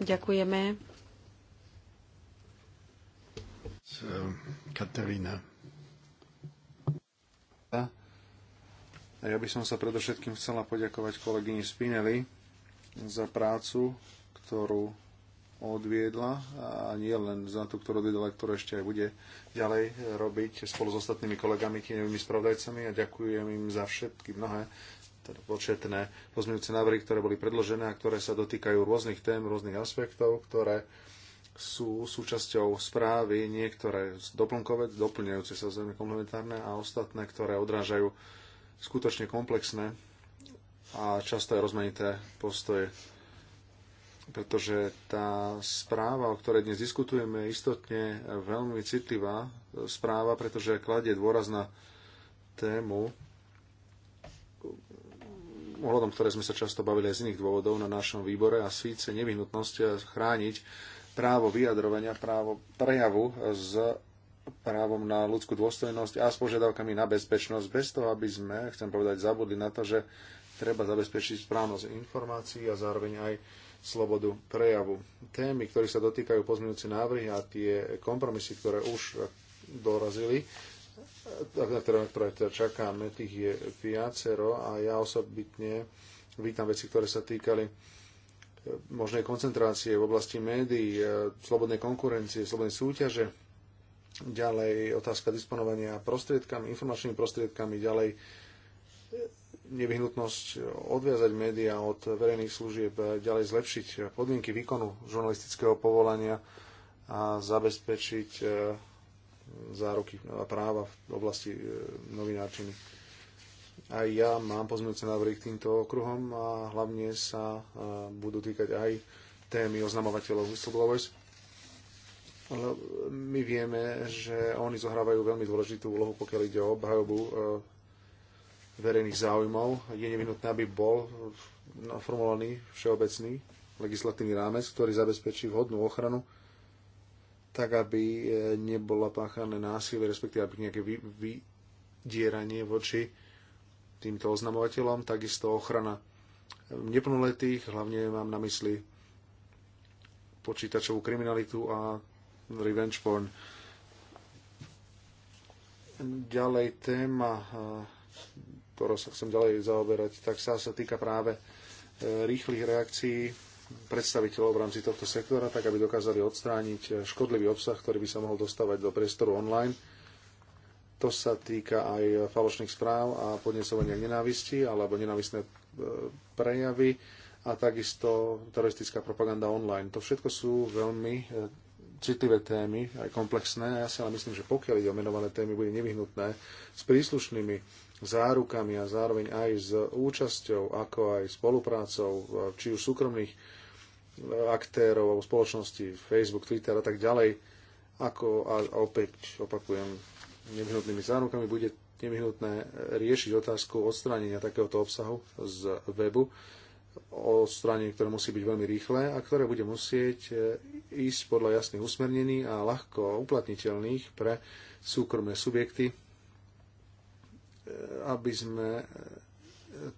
Ďakujeme. Eh, Katarína. Ja by som sa predovšetkým chcela poďakovať kolegyni Spinelli za prácu, ktorú odviedla a nie len za tú, ktorú odviedla, ktorú ešte aj bude ďalej robiť spolu s ostatnými kolegami, tieňovými spravodajcami a ďakujem im za všetky mnohé teda početné pozmeňujúce návrhy, ktoré boli predložené a ktoré sa dotýkajú rôznych tém, rôznych aspektov, ktoré sú súčasťou správy niektoré doplnkové, doplňajúce sa zrejme komplementárne a ostatné, ktoré odrážajú skutočne komplexné a často aj rozmanité postoje. Pretože tá správa, o ktorej dnes diskutujeme, je istotne veľmi citlivá správa, pretože kladie dôraz na tému, ohľadom ktoré sme sa často bavili aj z iných dôvodov na našom výbore, a síce nevyhnutnosť chrániť právo vyjadrovania, právo prejavu s právom na ľudskú dôstojnosť a s požiadavkami na bezpečnosť, bez toho, aby sme, chcem povedať, zabudli na to, že treba zabezpečiť správnosť informácií a zároveň aj slobodu prejavu. Témy, ktoré sa dotýkajú pozmeňujúce návrhy a tie kompromisy, ktoré už dorazili, na ktoré, na ktoré teda čakáme, tých je viacero a ja osobitne vítam veci, ktoré sa týkali možnej koncentrácie v oblasti médií, e, slobodnej konkurencie, slobodnej súťaže, ďalej otázka disponovania prostriedkami, informačnými prostriedkami, ďalej e, nevyhnutnosť odviazať médiá od verejných služieb, e, ďalej zlepšiť podmienky výkonu žurnalistického povolania a zabezpečiť záruky a práva v oblasti novinárčiny. Aj ja mám pozmeňujúce návrhy k týmto okruhom a hlavne sa e, budú týkať aj témy oznamovateľov whistleblowers. my vieme, že oni zohrávajú veľmi dôležitú úlohu, pokiaľ ide o obhajobu e, verejných záujmov. Je nevinutné, aby bol no, formulovaný všeobecný legislatívny rámec, ktorý zabezpečí vhodnú ochranu tak, aby e, nebola páchané násilie, respektíve aby nejaké vydieranie voči týmto oznamovateľom, takisto ochrana neplnoletých, hlavne mám na mysli počítačovú kriminalitu a revenge porn. Ďalej téma, eh, ktorou sa chcem ďalej zaoberať, tak sa, sa týka práve eh, rýchlych reakcií predstaviteľov v rámci tohto sektora, tak aby dokázali odstrániť eh, škodlivý obsah, ktorý by sa mohol dostávať do priestoru online to sa týka aj falošných správ a podnesovania k nenávisti alebo nenávistné e, prejavy a takisto teroristická propaganda online. To všetko sú veľmi e, citlivé témy, aj komplexné. Ja si ale myslím, že pokiaľ ide o menované témy, bude nevyhnutné s príslušnými zárukami a zároveň aj s účasťou, ako aj spoluprácou, e, či už súkromných aktérov alebo spoločnosti Facebook, Twitter a tak ďalej, ako a opäť opakujem, nevyhnutnými zárukami, bude nevyhnutné riešiť otázku odstránenia takéhoto obsahu z webu, odstránenie, ktoré musí byť veľmi rýchle a ktoré bude musieť e, ísť podľa jasných usmernení a ľahko uplatniteľných pre súkromné subjekty, e, aby sme e,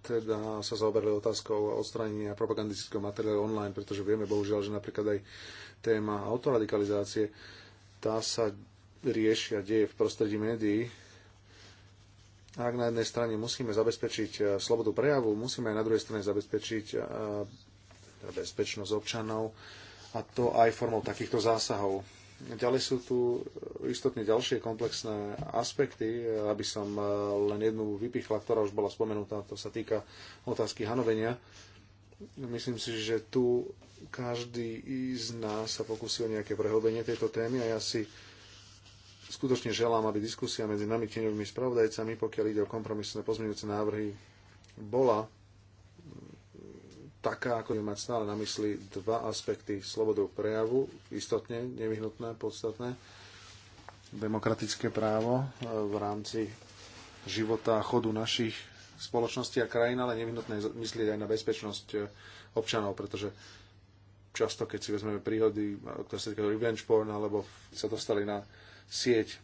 teda sa zaoberali otázkou odstránenia propagandistického materiálu online, pretože vieme bohužiaľ, že napríklad aj téma autoradikalizácie tá sa riešia deje v prostredí médií. Ak na jednej strane musíme zabezpečiť eh, slobodu prejavu, musíme aj na druhej strane zabezpečiť eh, teda bezpečnosť občanov a to aj formou takýchto zásahov. Ďalej sú tu istotne ďalšie komplexné aspekty, aby som eh, len jednu vypichla, ktorá už bola spomenutá, to sa týka otázky hanovenia. Myslím si, že tu každý z nás sa pokusil nejaké prehlbenie tejto témy a ja si skutočne želám, aby diskusia medzi nami tieňovými spravodajcami, pokiaľ ide o kompromisné pozmeňujúce návrhy, bola taká, ako je mať stále na mysli dva aspekty slobodu prejavu, istotne nevyhnutné, podstatné, demokratické právo e, v rámci života a chodu našich spoločností a krajín, ale nevyhnutné myslieť aj na bezpečnosť e, občanov, pretože často, keď si vezmeme príhody, ktoré sa týkajú revenge porn, alebo sa dostali na sieť.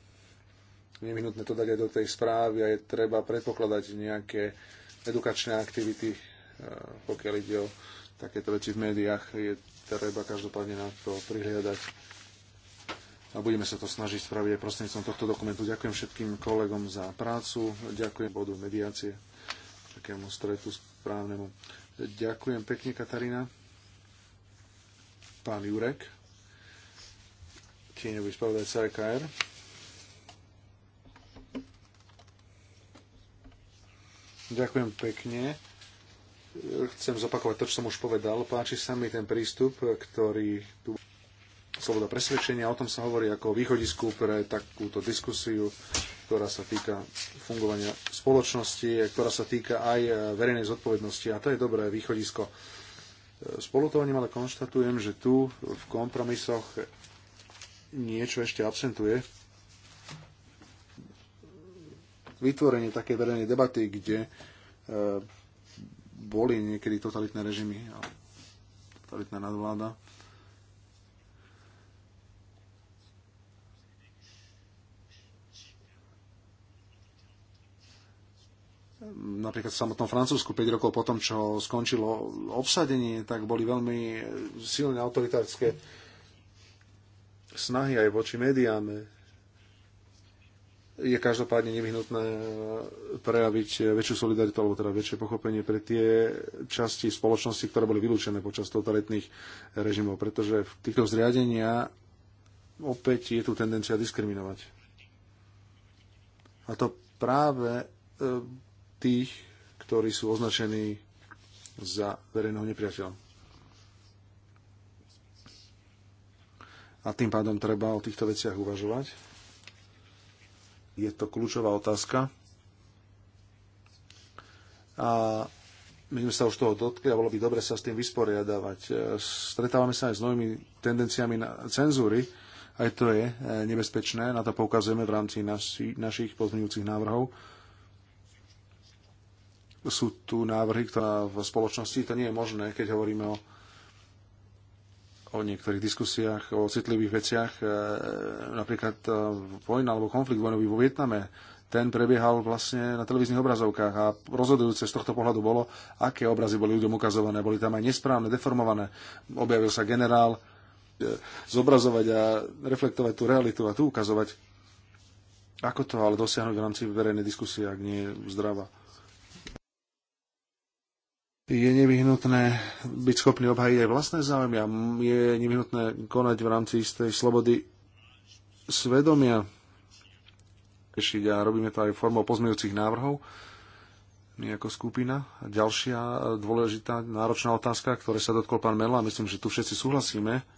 Nevyhnutné to dať aj do tej správy a je treba predpokladať nejaké edukačné aktivity, e, pokiaľ ide o takéto veci v médiách. Je treba každopádne na to prihliadať a budeme sa to snažiť spraviť aj prostredníctvom tohto dokumentu. Ďakujem všetkým kolegom za prácu, ďakujem bodu mediácie, takému stretu správnemu. Ďakujem pekne, Katarína pán Jurek, tieňový spravodajca EKR. Ďakujem pekne. Chcem zopakovať to, čo som už povedal. Páči sa mi ten prístup, ktorý tu sloboda presvedčenia, o tom sa hovorí ako o východisku pre takúto diskusiu, ktorá sa týka fungovania spoločnosti, ktorá sa týka aj verejnej zodpovednosti a to je dobré východisko Spolutovaním ale konštatujem, že tu v kompromisoch niečo ešte absentuje. Vytvorenie takej verejnej debaty, kde e, boli niekedy totalitné režimy a totalitná nadvláda. napríklad v samotnom Francúzsku 5 rokov potom, čo skončilo obsadenie, tak boli veľmi silné autoritárske snahy aj voči médiám. Je každopádne nevyhnutné prejaviť väčšiu solidaritu, alebo teda väčšie pochopenie pre tie časti spoločnosti, ktoré boli vylúčené počas totalitných režimov, pretože v týchto zriadenia opäť je tu tendencia diskriminovať. A to práve e, tých, ktorí sú označení za verejného nepriateľa. A tým pádom treba o týchto veciach uvažovať. Je to kľúčová otázka. A my sme sa už toho dotkli a bolo by dobre sa s tým vysporiadavať. E, stretávame sa aj s novými tendenciami na cenzúry. Aj to je e, nebezpečné. Na to poukazujeme v rámci naši, našich pozmeňujúcich návrhov sú tu návrhy, ktoré v spoločnosti to nie je možné, keď hovoríme o o niektorých diskusiách, o citlivých veciach, e, napríklad e, vojna alebo konflikt vojnový vo Vietname, ten prebiehal vlastne na televíznych obrazovkách a rozhodujúce z tohto pohľadu bolo, aké obrazy boli ľuďom ukazované. Boli tam aj nesprávne, deformované. Objavil sa generál, e, zobrazovať a reflektovať tú realitu a tu ukazovať, ako to ale dosiahnuť v rámci verejnej diskusie, ak nie je zdravá je nevyhnutné byť schopný obhajiť aj vlastné záujmy a je nevyhnutné konať v rámci istej slobody svedomia. Ešiť a robíme to aj formou pozmejúcich návrhov my ako skupina. A ďalšia dôležitá, náročná otázka, ktoré sa dotkol pán Mela, a myslím, že tu všetci súhlasíme,